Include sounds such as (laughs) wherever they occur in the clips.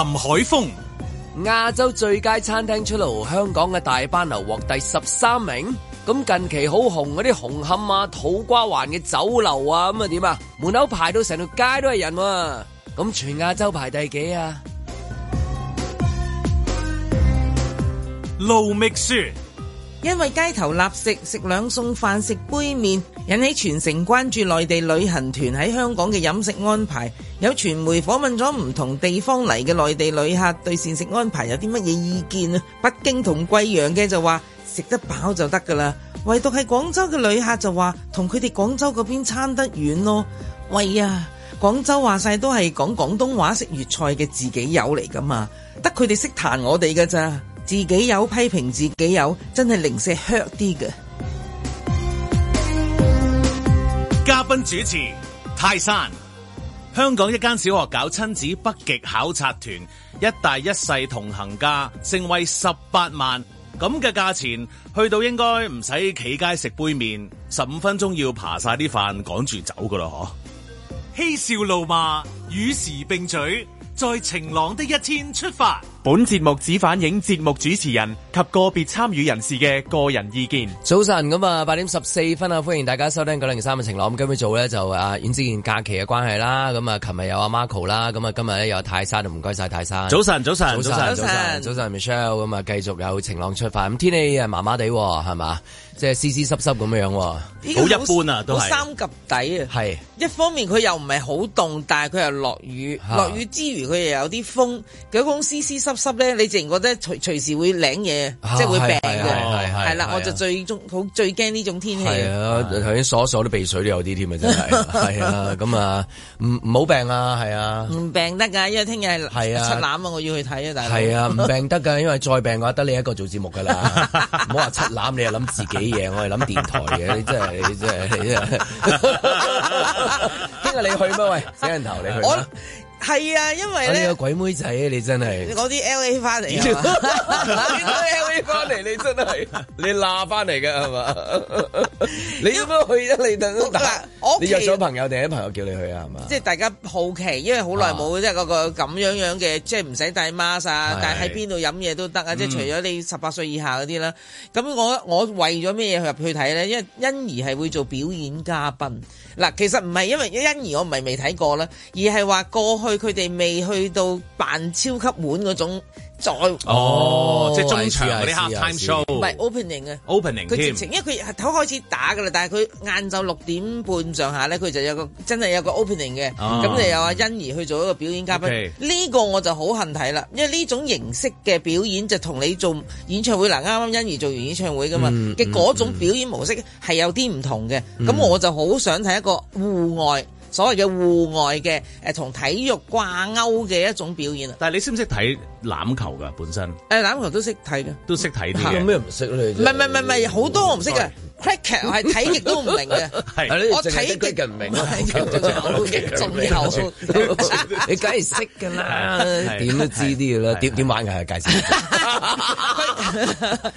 林海峰，亞洲最佳餐廳出爐，香港嘅大班樓獲第十三名。咁近期好紅嗰啲紅磡啊、土瓜灣嘅酒樓啊，咁啊點啊？門口排到成條街都係人喎。咁全亞洲排第幾啊？盧覓雪，因為街頭立食，食兩餸飯，食杯麵。引起全城關注，內地旅行團喺香港嘅飲食安排，有傳媒訪問咗唔同地方嚟嘅內地旅客，對膳食安排有啲乜嘢意見啊？北京同貴陽嘅就話食得飽就得噶啦，唯獨係廣州嘅旅客就話同佢哋廣州嗰邊差得遠咯。喂呀，廣州話晒都係講廣東話，食粵菜嘅自己友嚟噶嘛，得佢哋識彈我哋噶咋？自己友批評自己友，真係零舍靴啲嘅。嘉賓主持泰山，香港一間小學搞親子北極考察團，一大一細同行價，正為十八萬咁嘅價錢，去到應該唔使企街食杯麵，十五分鐘要爬晒啲飯，趕住走噶咯嗬。嬉笑怒罵，與時並嘴，在晴朗的一天出發。本節目只反映節目主持人及個別參與人士嘅個人意見。早晨咁啊，八點十四分啊，歡迎大家收聽九零三嘅晴朗。咁今日早咧就啊，尹子健假期嘅關係啦。咁啊，琴日有阿 Marco 啦，咁啊今日咧有泰山，就唔該晒泰山。早晨，早晨，早晨，早晨，早晨，Michelle 咁啊，繼續有晴朗出發。咁天氣啊，麻麻地係嘛，即係濕濕濕濕咁樣。好是一般啊，都好三及底啊。係。一方面佢又唔係好凍，但係佢又落雨。落的雨之餘佢又有啲風，風濕濕濕。濕咧，你自然覺得隨隨時會領嘢，即係會病嘅，係啦，我就最中好最驚呢種天氣。係啊，頭先索索啲鼻水都有啲添啊，真係係啊，咁啊，唔唔好病啊，係啊，唔病得噶，因為聽日係七欖啊，我要去睇啊，大佬。係啊，唔病得噶，因為再病嘅話，得你一個做節目噶啦，唔好話七欖，你又諗自己嘢，我係諗電台嘅，你真係你真係你真係，聽日你去咩？喂，死人頭，你去啦係啊，因為咧、啊，你個鬼妹仔你真係，我啲 L A 翻嚟啊！你啲 L A 翻嚟，你真係，你鬧翻嚟噶係嘛？ (laughs) 吧 (laughs) 你點解去得你等都為你約咗朋友定係期朋友叫你去啊？係嘛？即係大家好奇，因為好耐冇即係嗰個咁、啊、樣樣嘅，即係唔使戴 mask 啊，但係喺邊度飲嘢都得啊！嗯、即係除咗你十八歲以下嗰啲啦。咁我我為咗咩嘢入去睇咧？因為欣宜係會做表演嘉賓。嗱，其實唔係因為欣欣怡我咪未睇過啦，而係話過去佢哋未去到扮超級碗嗰種。在再哦，哦即係中場嗰啲 half-time show，唔係 opening 嘅 opening 佢直情，因為佢頭開始打噶啦，但係佢晏晝六點半上下咧，佢就有個真係有個 opening 嘅，咁、哦、就有阿欣宜去做一個表演嘉賓。呢、哦 okay、個我就好恨睇啦，因為呢種形式嘅表演就同你做演唱會嗱，啱啱欣宜做完演唱會噶嘛嘅嗰、嗯、種表演模式係有啲唔同嘅，咁、嗯、我就好想睇一個戶外。所謂嘅戶外嘅誒同體育掛鈎嘅一種表演啊！但係你識唔識睇欖球㗎？本身，誒欖球都識睇嘅，都識睇嘅。有咩唔識咧？唔係，唔係，唔係好多我唔識嘅。Cracker 我係睇極都唔明嘅，我睇極唔明，我仲有你梗係識㗎啦，點都知啲嘢啦，點點玩嘅，係介紹。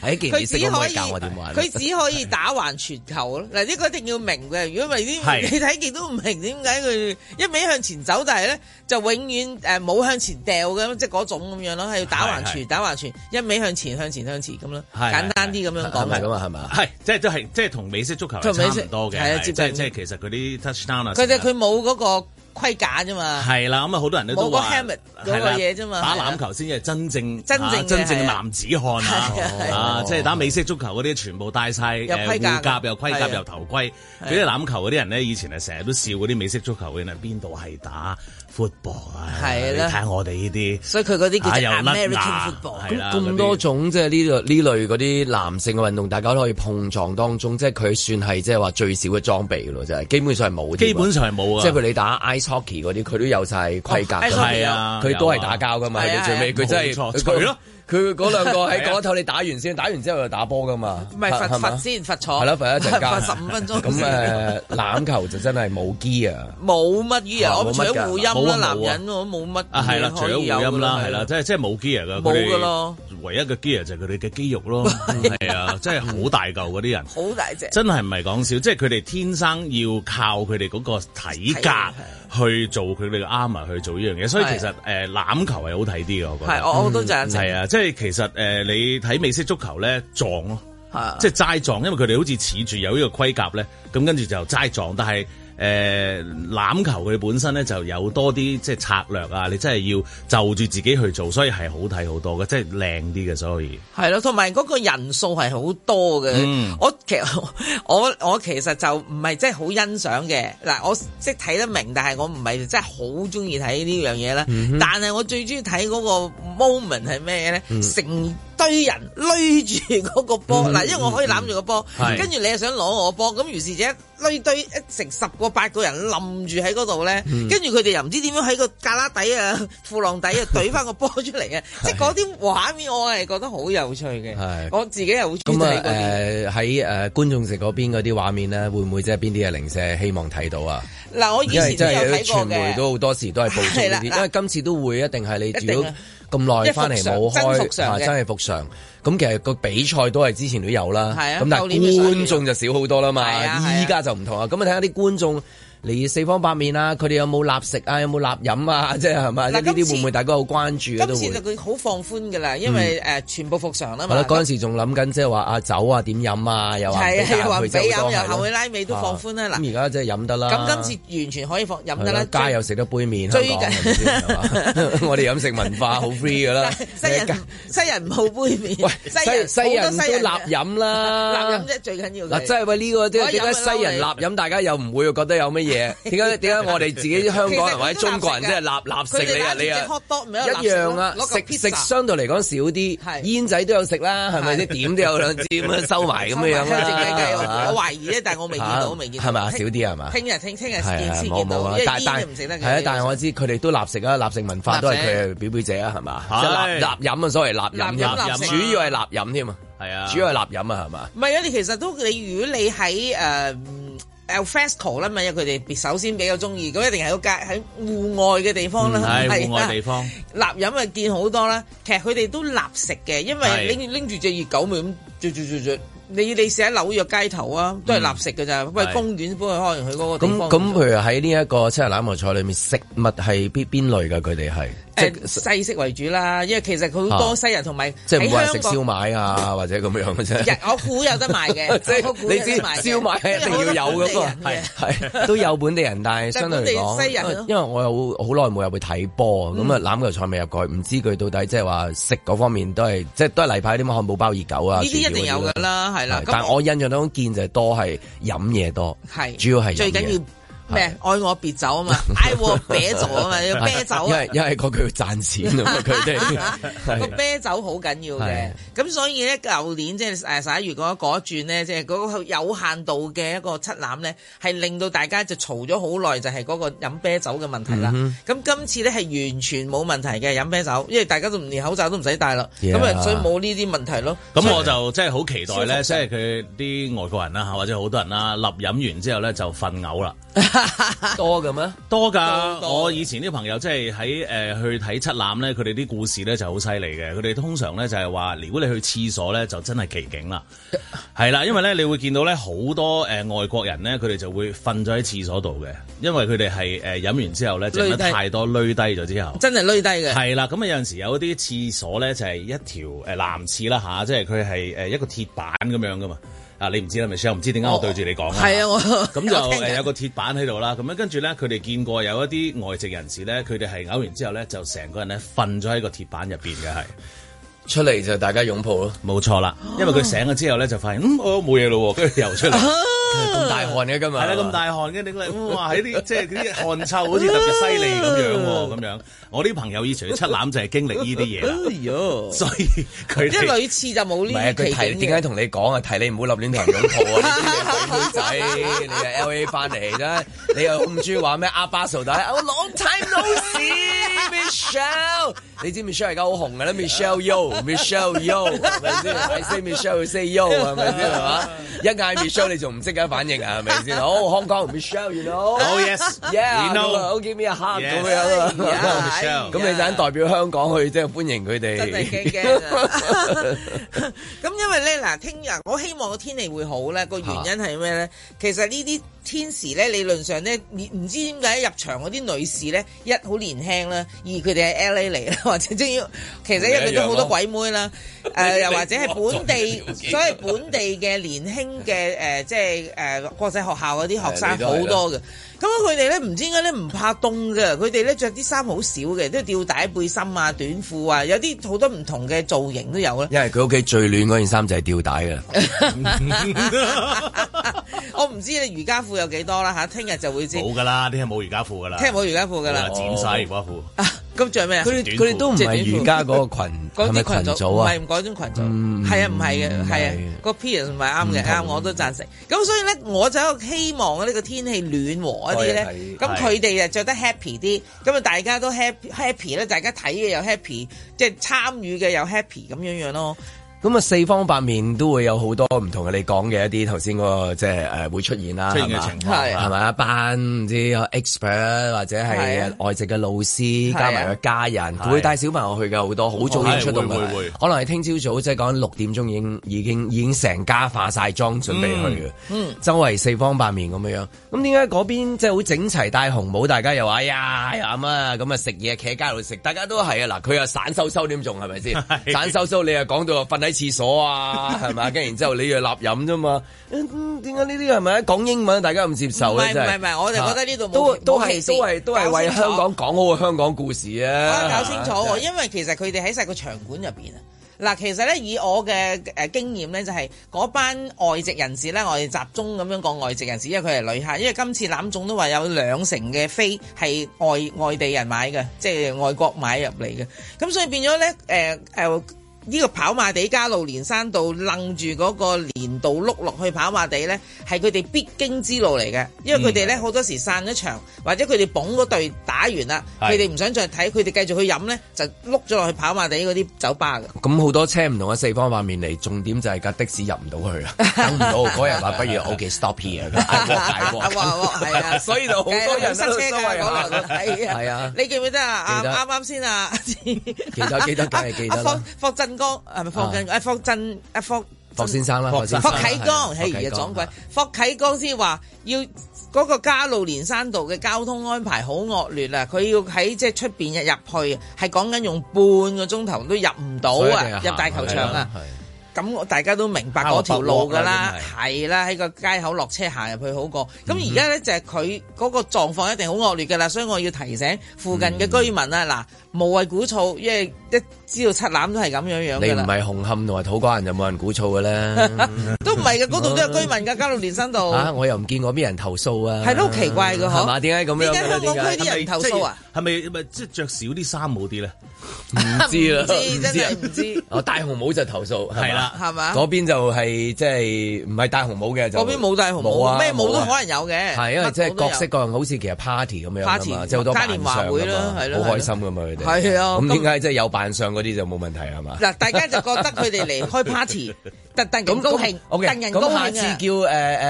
係既然你識，可以教我點玩。佢只可以打橫傳球咯，嗱呢個一定要明嘅。如果唔係啲你睇極都唔明，點解佢一味向前走，但係咧？就永遠誒冇向前掉嘅，即係嗰種咁樣咯，係是是 要打橫傳，打橫傳，一味向前、向前、向前咁咯，是是是簡單啲咁樣講係嘛，係即係都係即係同美式足球係差唔多嘅，啊，即係即其實佢啲 touchdown 啊，佢就佢冇嗰個。盔甲啫嘛，係啦，咁啊，好多人咧都話冇個 helmet 嗰個嘢啫嘛，打籃球先至係真正真正真正男子漢啊，即係打美式足球嗰啲全部戴晒，有盔甲，又盔甲又頭盔，嗰啲籃球嗰啲人呢，以前係成日都笑嗰啲美式足球嗰啲啊，邊度係打 football 啊？你睇我哋呢啲，所以佢嗰啲叫又甩乸，咁多種即係呢呢類嗰啲男性嘅運動，大家都可以碰撞當中，即係佢算係即係話最少嘅裝備咯，就係基本上係冇，基本上係冇啊，即係佢哋打 t o c k y e 啲佢都有晒規格，係、哦、啊，佢都係打交噶嘛，係咪最尾佢、啊、真係佢咯。佢嗰兩個喺嗰頭，你打完先，打完之後就打波噶嘛？唔係罰罰先罰坐係啦，罰一陣間十五分鐘。咁誒，欖球就真係冇 gear 啊！冇乜 gear，我除咗護陰啦，男人我冇乜啊，係啦，除咗護陰啦，係啦，即係即係冇 gear 噶。冇噶咯，唯一嘅 gear 就係佢哋嘅肌肉咯，係啊，真係好大嚿嗰啲人，好大隻，真係唔係講笑，即係佢哋天生要靠佢哋嗰個體格去做佢哋嘅 armour 去做呢樣嘢，所以其實誒欖球係好睇啲嘅，我覺得係，我我都就係。係啊，即即係其實誒、呃，你睇美式足球咧撞咯，係啊的，即係齋撞，因為佢哋好似恃住有呢個盔甲咧，咁跟住就齋撞，但係。誒欖、欸、球佢本身咧就有多啲即係策略啊！你真係要就住自己去做，所以係好睇好多嘅，即係靚啲嘅所以係咯，同埋嗰個人數係好多嘅，嗯。我其實我我其實就唔係真係好欣賞嘅。嗱，我即係睇得明，但係我唔係真係好中意睇呢樣嘢啦。嗯、哼 但係我最中意睇嗰個 moment 係咩咧？嗯、成堆人攼住嗰個波，嗱，因為我可以攬住個波，跟住你又想攞我波，咁於是者攼堆一成十個八個人冧住喺嗰度咧，跟住佢哋又唔知點樣喺個旮旯底啊、褲浪底啊，懟翻個波出嚟嘅，即係嗰啲畫面我係覺得好有趣嘅，我自己又好中意嗰啲。咁啊，誒喺誒觀眾席嗰邊嗰啲畫面咧，會唔會即係邊啲嘅零舍希望睇到啊？嗱，我以前都有睇過嘅，都好多時都係捕捉呢啲，因為今次都會一定係你。咁耐翻嚟冇開，真係復常，啊。咁其實個比賽都係之前都有啦，咁、啊、但係觀眾就少好多啦嘛。依家就唔同啊，咁啊睇下啲觀眾。嚟四方八面啊，佢哋有冇立食啊？有冇立飲啊？即係係咪？即呢啲會唔會大家好關注啊？都佢好放寬噶啦，因為誒全部復常啦。好啦，嗰陣時仲諗緊即係話阿酒啊點飲啊，又話俾飲佢，又後尾都放寬啦。咁而家即係飲得啦。咁今次完全可以放飲得啦。家又食得杯最麪。我哋飲食文化好 free 㗎啦。西人西人唔好杯麪。西人西人都立飲啦。立飲即係最緊要。嗱，即係喂呢個即係點解西人立飲？大家又唔會覺得有咩。點解點解我哋自己香港人或者中國人真係立立食你啊你啊一樣啊食食相對嚟講少啲煙仔都有食啦，係咪先，點都有兩支咁樣收埋咁樣樣我懷疑呢，但係我未見到，未見係咪少啲係嘛聽日聽聽日先見到，但係但係唔食得但係，我知佢哋都立食啊，立食文化都係佢表表姐啊，係嘛？即係立飲啊，所謂立飲主要係立飲添啊，係啊，主要係立飲啊，係嘛？唔係啊，你其實都你如果你喺誒。Alfresco 啦，咪有佢哋首先比較鍾意，咁一定係個街喺戶外嘅地方啦，係戶外地方。立飲咪見好多啦，其實佢哋都立食嘅，因為拎拎住隻熱狗咪咁啜啜啜啜，你你食喺紐約街頭啊，都係立食㗎咋，喂公園幫佢開完佢嗰個。咁咁，譬如喺呢一個七日喇嘛菜裏面，食物係邊邊類㗎？佢哋係。西式為主啦，因為其實佢好多西人同埋即係唔係食燒賣啊，或者咁樣嘅啫。我估有得賣嘅，即你知燒賣一定要有嘅。係係都有本地人，但係相對嚟講，因為我有好耐冇入去睇波，咁啊籃球賽未入去，唔知佢到底即係話食嗰方面都係，即係都係例牌啲嘛漢堡包、熱狗啊。呢啲一定有噶啦，係啦。但係我印象當中見就係多係飲嘢多，係主要係最緊要。咩？愛我別走啊嘛！愛我別走啊嘛！要啤酒，因為因為佢佢賺錢啊嘛！佢哋個啤酒好緊要嘅，咁所以咧舊年即係誒十一月嗰嗰一轉咧，即係嗰個有限度嘅一個七欖咧，係令到大家就嘈咗好耐，就係嗰個飲啤酒嘅問題啦。咁今次咧係完全冇問題嘅飲啤酒，因為大家都唔連口罩都唔使戴咯，咁啊所以冇呢啲問題咯。咁我就即係好期待咧，即係佢啲外國人啦吓，或者好多人啦，立飲完之後咧就瞓嘔啦。多㗎咩的？多噶，我以前啲朋友即係喺誒去睇七欖咧，佢哋啲故事咧就好犀利嘅。佢哋通常咧就係話，如果你去廁所咧，就真係奇景啦。係啦， (laughs) 因為咧你會見到咧好多誒、呃、外國人咧，佢哋就會瞓咗喺廁所度嘅，因為佢哋係誒飲完之後咧，整低得太多，攞低咗之後，真係攞低嘅。係啦，咁，就是呃、啊有陣時有啲廁所咧就係一條誒男廁啦吓，即係佢係誒一個鐵板咁樣噶嘛。啊！你唔知啦，Michelle，唔知點解我對住你講係、oh, 吧啊，我咁就我聽、呃、有個鐵板喺度啦。咁跟住咧，佢哋見過有一啲外籍人士咧，佢哋係嘔完之後咧，就成個人咧瞓咗喺個鐵板入邊嘅。係出嚟就大家擁抱咯。冇錯啦，因為佢醒咗之後咧就發現，嗯，我冇嘢咯，跟住又出嚟。 (laughs) 咁大汗嘅，今日係啦，咁大汗嘅，你，哇！喺啲即係啲汗臭好似特別犀利咁樣喎，咁樣我啲朋友以前出籃就係經歷呢啲嘢，所以佢哋一女廁就冇呢啲。唔係佢提點解同你講啊？提你唔好立亂同人擁抱啊！女仔你喺 L A 翻嚟，啦，你又咁中意話咩阿巴蘇仔？Long time no see，Michelle 你知 Michelle 而家好紅嘅啦，Michelle Yo，Michelle Yo，係咪先？Say Michelle，say Yo，係咪先？係嘛？一嗌 Michelle 你仲唔識啊？反應啊，係咪先好？香港、oh, Michelle，you know？Oh yes，yeah，you know？Oh you know. give me a hand 咁樣啦，Michelle。咁你就代表香港去啫，即係，歡迎佢哋。咁因為咧嗱，聽日我希望個天氣會好咧，個原因係咩咧？啊、其實呢啲天時咧，理論上咧，唔知點解入場嗰啲女士咧，一好年輕啦，而佢哋係 LA 嚟啦，或者仲要，其實入都好多鬼妹啦，誒又或者係本地，所謂本地嘅年輕嘅誒、呃，即係。誒、呃、國際學校嗰啲學生好多嘅，咁佢哋咧唔知點解咧唔怕凍嘅，佢哋咧着啲衫好少嘅，都係吊帶背心啊、短褲啊，有啲好多唔同嘅造型都有啦。因為佢屋企最暖嗰件衫就係吊帶㗎。 (laughs) (laughs) (laughs) 我唔知你瑜伽褲有幾多啦嚇，聽日就會知。冇㗎啦，聽日冇瑜伽褲㗎啦，聽日冇瑜伽褲㗎啦，了哦、剪晒瑜伽褲。咁著咩啊？佢佢哋都唔係而家嗰個羣嗰啲群組啊，唔係唔係嗰種羣組，係啊，唔係嘅，係啊，個 peer 唔係啱嘅，啱我都贊成。咁所以咧，我就希望呢個天氣暖和一啲咧。咁佢哋啊着得 happy 啲，咁啊大家都 happy happy 咧，大家睇嘅又 happy，即係參與嘅又 happy 咁樣樣咯。咁啊，四方八面都會有好多唔同嘅你講嘅一啲頭先嗰個即係誒會出現啦，係嘛？係咪吧啊一班唔知 expert 或者係外籍嘅老師、啊、加埋個家人佢、啊、會帶小朋友去嘅好多，好、啊、早，動早，早、就是、已經出到門，可能係聽朝早即係講六點鐘已經已經已經成家化晒妝準備去嘅，嗯嗯、周圍四方八面咁樣樣，咁點解嗰邊即係好整齊戴紅帽？大家又哎呀哎呀咁啊，食嘢企喺街度食，大家都係啊嗱，佢又散收收點仲係咪先？是是是散收收你又講到瞓喺。廁所啊，係咪？跟 (laughs) 然之後你就立飲啫嘛？點解呢啲係咪講英文？不大家咁接受咧？唔係唔係，我就覺得呢度都都係都係都係為香港講好個香港故事啊！搞清楚，是因為其實佢哋喺成個場館入邊啊，嗱，其實咧以我嘅誒經驗咧，就係嗰班外籍人士咧，我哋集中咁樣講外籍人士，因為佢係旅客，因為今次攬總都話有兩成嘅飛係外外地人買嘅，即、就、係、是、外國買入嚟嘅，咁所以變咗咧，誒、呃、誒。呃呢個跑馬地加路連山道楞住嗰個連道碌落去跑馬地咧，係佢哋必經之路嚟嘅。因為佢哋咧好多時散咗場，或者佢哋捧嗰隊打完啦，佢哋唔想再睇，佢哋繼續去飲咧，就碌咗落去跑馬地嗰啲酒吧嘅。咁好多車唔同嘅四方塊面嚟，重點就係架的士入唔到去啊，等唔到。嗰日話不如 OK stop here 啊，所以就好多人塞車嘅嗰陣，係啊，你記唔記得啊？啱啱先啊，記得記得記得。江係咪霍振？誒，霍振？誒，霍霍先生啦，霍啟剛，係而家撞鬼。霍啟剛先話要嗰個加路連山道嘅交通安排好惡劣啊！佢要喺即係出邊入入去，係講緊用半個鐘頭都入唔到啊！入大球場啊！咁大家都明白嗰條路噶啦，係啦，喺個街口落車行入去好過。咁而家咧就係佢嗰個狀況一定好惡劣噶啦，所以我要提醒附近嘅居民啦，嗱。無謂鼓噪，因為一知道七攬都係咁樣樣。你唔係紅磡同埋土瓜灣就冇人鼓噪嘅呢？都唔係嘅，嗰度都有居民噶，加路連山道。啊，我又唔見過咩人投訴啊，係都奇怪噶，嗬。係嘛？點解咁樣嘅？點解香港區啲人投訴啊？係咪咪即係着少啲衫冇啲咧？唔知啦，真係唔知。哦，戴紅帽就投訴係啦，係嘛？嗰邊就係即係唔係戴紅帽嘅，嗰邊冇戴紅帽啊，咩帽都可能有嘅。係因為即係各式各樣，好似其實 party 咁樣啊嘛，即係好多嘉年華會啊嘛，好開心噶嘛。係啊，咁點解即係有扮相嗰啲就冇問題係嘛？嗱，大家就覺得佢哋嚟開 party。 (laughs) 特登咁高興，咁、okay，下次叫誒誒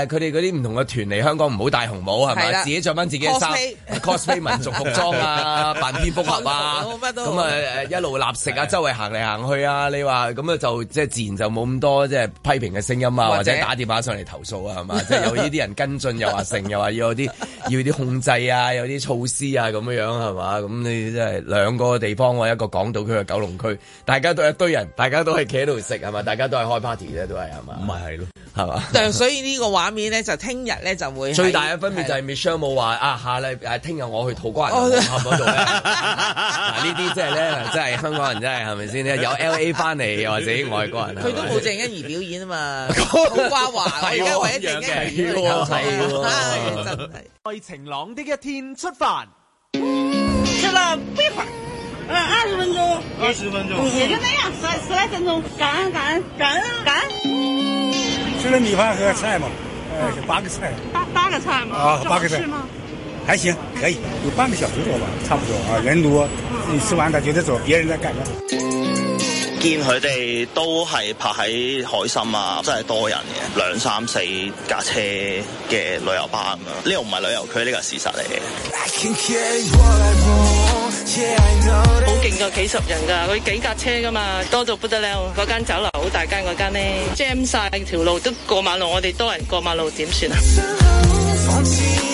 佢哋嗰啲唔同嘅團嚟香港，唔好戴紅帽係咪？的自己着翻自己嘅衫，cosplay 民族服裝啊，扮蝙蝠俠啊，咁啊誒一路立食啊，周圍行嚟行去啊，你話咁啊就即係自然就冇咁多即係、就是、批評嘅聲音啊，或者，或者打電話上嚟投訴啊係嘛？即係、就是、有呢啲人跟進 (laughs) 又話剩又話要有啲要啲控制啊，有啲措施啊咁樣樣係嘛？咁你即係兩個地方喎，一個港島區嘅九龍區，大家都一堆人，大家都係企喺度食係嘛？大家都係開 party。而家都係係嘛？唔係係咯，係嘛？但係所以呢個畫面咧，就聽日咧就會最大嘅分別就係 Michelle 冇話啊，下咧誒，聽日我去土瓜灣度嗱，呢啲即係咧，即係香港人真係係咪先咧？有 LA 翻嚟，又或者外國人，佢都冇正一而表演啊嘛。土瓜灣，我而家唯一正一表演，真係。在晴朗的一天出發，出啦，二十分鐘，二十分鐘，也就那樣，十十來分鐘。感恩，感恩，感恩，感恩。吃了米飯和菜嗎？嗯，八個菜。八八個菜嗎？啊、哦，八個菜是嗎？還行，可以，有半個小時多吧，差不多啊。人多，你、嗯、吃完他就得走，別人再他們都是在幹嗎？見佢哋都係泊喺海心啊，真係多人嘅，兩三四架車嘅旅遊巴啊嘛。呢個唔係旅遊區，呢、這個係事實嚟嘅。I 好勁噶，幾十人噶，佢幾架車噶嘛，多到不得了。嗰間酒樓好大間，嗰間咧 jam 晒條路，都過馬路，我哋多人過馬路點算啊？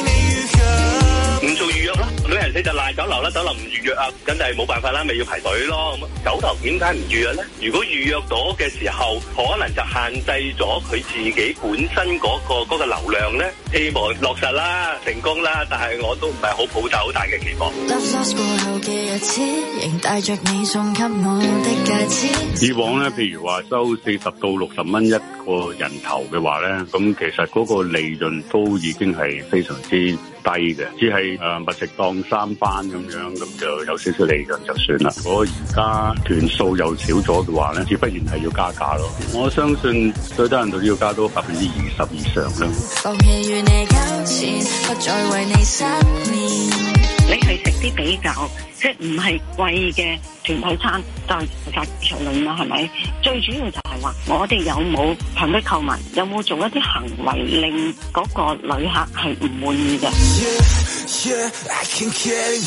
(music) 旅行社就賴酒樓啦，酒樓唔預約啊，真係冇辦法啦，咪要排隊咯。咁啊，酒樓點解唔預約咧？如果預約到嘅時候，可能就限制咗佢自己本身嗰個嗰個流量咧。希望落實啦，成功啦，但係我都唔係好抱有好大嘅期望。以往咧，譬如話收四十到六十蚊一個人頭嘅話咧，咁其實嗰個利潤都已經係非常之低嘅，只係誒物食當三班咁樣，咁就有少少利潤就算啦。如果而家團數又少咗嘅話咧，只不然係要加價咯。我相信最低限度要加到百分之二十以上啦。你係食啲比較即係唔係貴嘅團體餐，就食場類嘛？係咪？最主要就。我哋有冇強迫購物，有冇做一啲行為令嗰個旅客係唔滿意嘅？咁、yeah, yeah,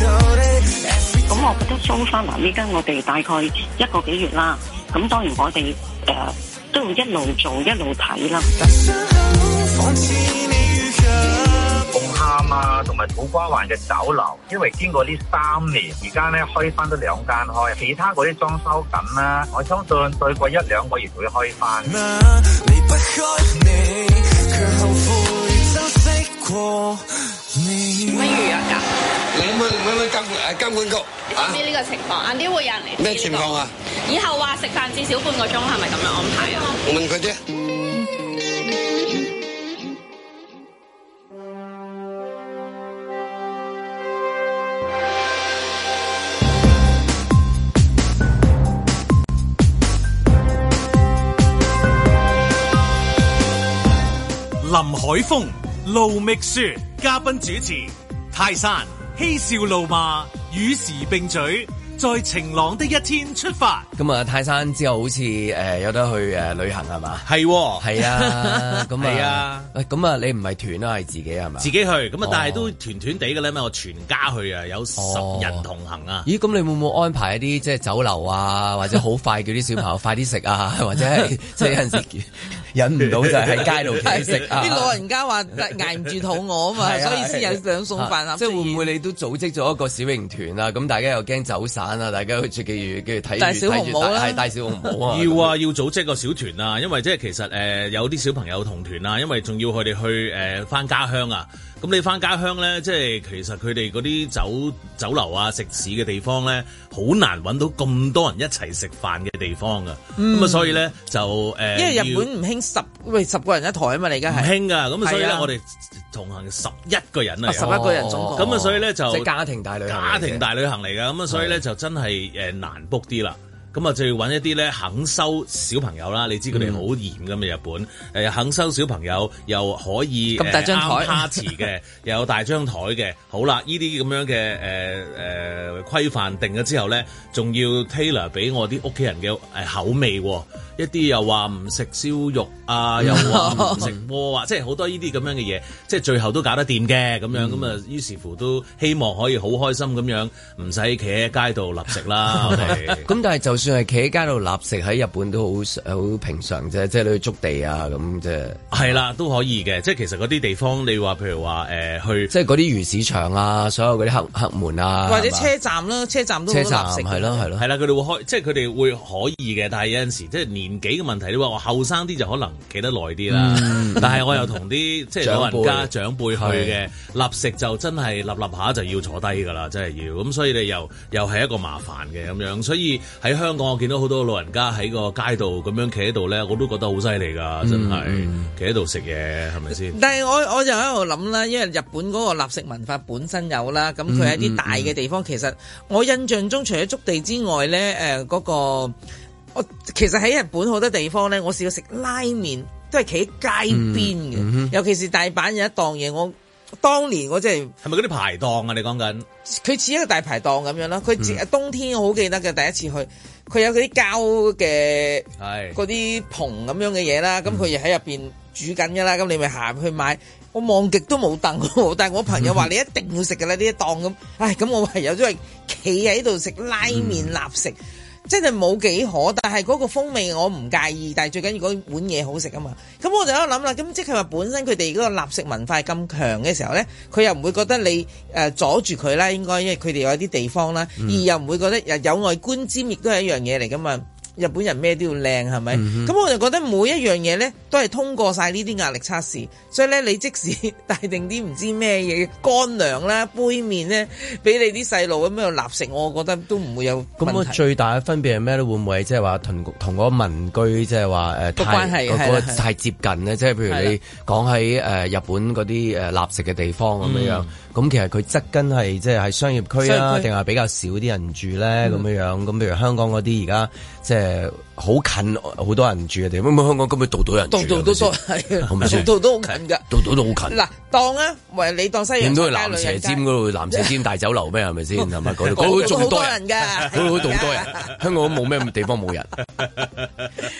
yeah, 我覺得租返嚟呢間，我哋大概一個幾月啦。咁當然我哋誒、uh, 都要一路做一路睇啦。嗯啊同埋土瓜灣嘅酒樓，因為經過呢三年，而家咧開翻咗兩間開，其他嗰啲裝修緊啦，我相信再過一兩個月會開翻。乜預約噶？你唔會唔會金、金管局？知呢個情況，晏啲、啊、會有人嚟咩、這個、情況啊？以後話食飯至少半個鐘，係咪咁樣？安排？啊！我問佢啫。嗯林海峰、盧覓雪嘉賓主持，泰山嬉笑怒罵，與時並舉，在晴朗的一天出發。咁啊，泰山之後好似誒、呃、有得去誒、呃、旅行係嘛？係係是、哦、啊，咁啊，咁啊，你唔係團咯，係自己係嘛？是自己去，咁、嗯、啊，但係都團團地嘅咧，哦、我全家去啊，有十人同行啊。哦、咦，咁你會唔會安排一啲即係酒樓啊，或者好快叫啲小朋友快啲食啊， (laughs) 或者係即係有陣時。 (laughs) (laughs) 忍唔到就喺、是、街度食啊！啲是的老人家話捱唔住肚餓啊嘛，的所以先有兩餸飯啊。的即係會唔會你都組織咗一個小型團啦、啊？咁大家又驚走散啊！大家去接住跟住睇小睇住大大小紅帽啦、啊！要啊，那麼 要組織個小團啊，因為即係其實、呃、有啲小朋友同團啊，因為仲要佢哋去返翻、呃、家鄉啊。咁你翻家鄉咧，即係其實佢哋嗰啲酒酒樓啊、食肆嘅地方咧。好難揾到咁多人一齊食飯嘅地方㗎，咁啊、嗯、所以咧就誒，呃、因為日本唔興十喂十個人一台啊嘛，你而家係唔興㗎，咁啊的所以咧的我哋同行十一個人啊、哦，十一個人咁啊、哦、所以咧就即係家庭大旅行，家庭大旅行嚟㗎，咁啊所以咧的就真係誒難 book 啲啦。咁啊，就要揾一啲咧肯收小朋友啦，你知佢哋好嚴噶嘛日本嘛，誒、嗯呃、肯收小朋友又可以咁大張台 party 嘅，又有大張台嘅，好啦，呢啲咁樣嘅誒誒規範定咗之後咧，仲要 tailor 俾我啲屋企人嘅誒口味喎、啊，一啲又話唔食燒肉啊， (laughs) 又話唔食鍋啊， (laughs) 即係好多呢啲咁樣嘅嘢，即係最後都搞得掂嘅咁樣，咁啊、嗯、於是乎都希望可以好開心咁樣，唔使企喺街度立食啦。咁 (laughs) 是但係就算。仲係企喺街度立食，喺日本都好好平常啫，即係你去築地啊咁啫。係啦，都可以嘅，即係其實嗰啲地方，你話譬如話誒、呃、去，即係嗰啲魚市場啊，所有嗰啲黑黑門啊，或者車站啦、啊，吧車站都立食係咯係咯，係啦，佢哋會開，即係佢哋會可以嘅，但係有陣時即係年紀嘅問題，你話我後生啲就可能企得耐啲啦，嗯、但係我又同啲即係老人家長輩輩去嘅，的立食就真係立立下就要坐低噶啦，真係要，咁所以你又又係一個麻煩嘅咁樣，嗯、所以喺香港。我見到好多老人家喺個街度咁樣企喺度咧，我都覺得好犀利噶，真係企喺度食嘢，係咪先？嗯、但係我我就喺度諗啦，因為日本嗰個立食文化本身有啦，咁佢喺啲大嘅地方，嗯嗯嗯、其實我印象中除咗築地之外咧，嗰、呃那個我其實喺日本好多地方咧，我試過食拉麵都係企喺街邊嘅，嗯嗯嗯、尤其是大阪有一檔嘢，我當年我真係咪嗰啲排檔啊？你講緊佢似一個大排檔咁樣啦，佢、嗯、冬天我好記得嘅，第一次去。佢有嗰啲膠嘅，嗰啲棚咁樣嘅嘢啦，咁佢亦喺入面煮緊噶啦，咁、嗯、你咪行去買。我望極都冇凳，但係我朋友話、嗯、你一定要食噶啦呢一檔咁，唉，咁我朋友都係企喺度食拉麵立食。嗯嗯即係冇幾可，但係嗰個風味我唔介意。但係最緊要嗰碗嘢好食啊嘛。咁我就喺度諗啦。咁即係話本身佢哋嗰個立食文化咁強嘅時候呢，佢又唔會覺得你誒、呃、阻住佢啦。應該因為佢哋有啲地方啦，嗯、而又唔會覺得有礙觀瞻，亦都係一樣嘢嚟噶嘛。日本人咩都要靚係咪？咁、嗯、哼我就覺得每一樣嘢咧都係通過晒呢啲壓力測試，所以咧你即使帶定啲唔知咩嘢乾糧啦、杯麵咧，俾你啲細路咁樣立食，我覺得都唔會有。咁最大嘅分別係咩咧？會唔會即係話同同嗰個民居即、呃、係話誒關係太個太接近咧？即係的譬如你講喺、呃、日本嗰啲、呃、立食嘅地方咁樣。嗯咁其實佢側根係即係商業區啊，定係比較少啲人住咧咁、嗯、樣咁譬如香港嗰啲而家即係。好近好多人住嘅地方，咁咪香港根本度到人住，度度都度係，度度都好近噶，度度都好近。嗱，當啊，喂，你當西斜尖嗰度南斜尖大酒樓咩？係咪先？係咪嗰度？嗰度仲多人噶，嗰度好多人。香港冇咩地方冇人。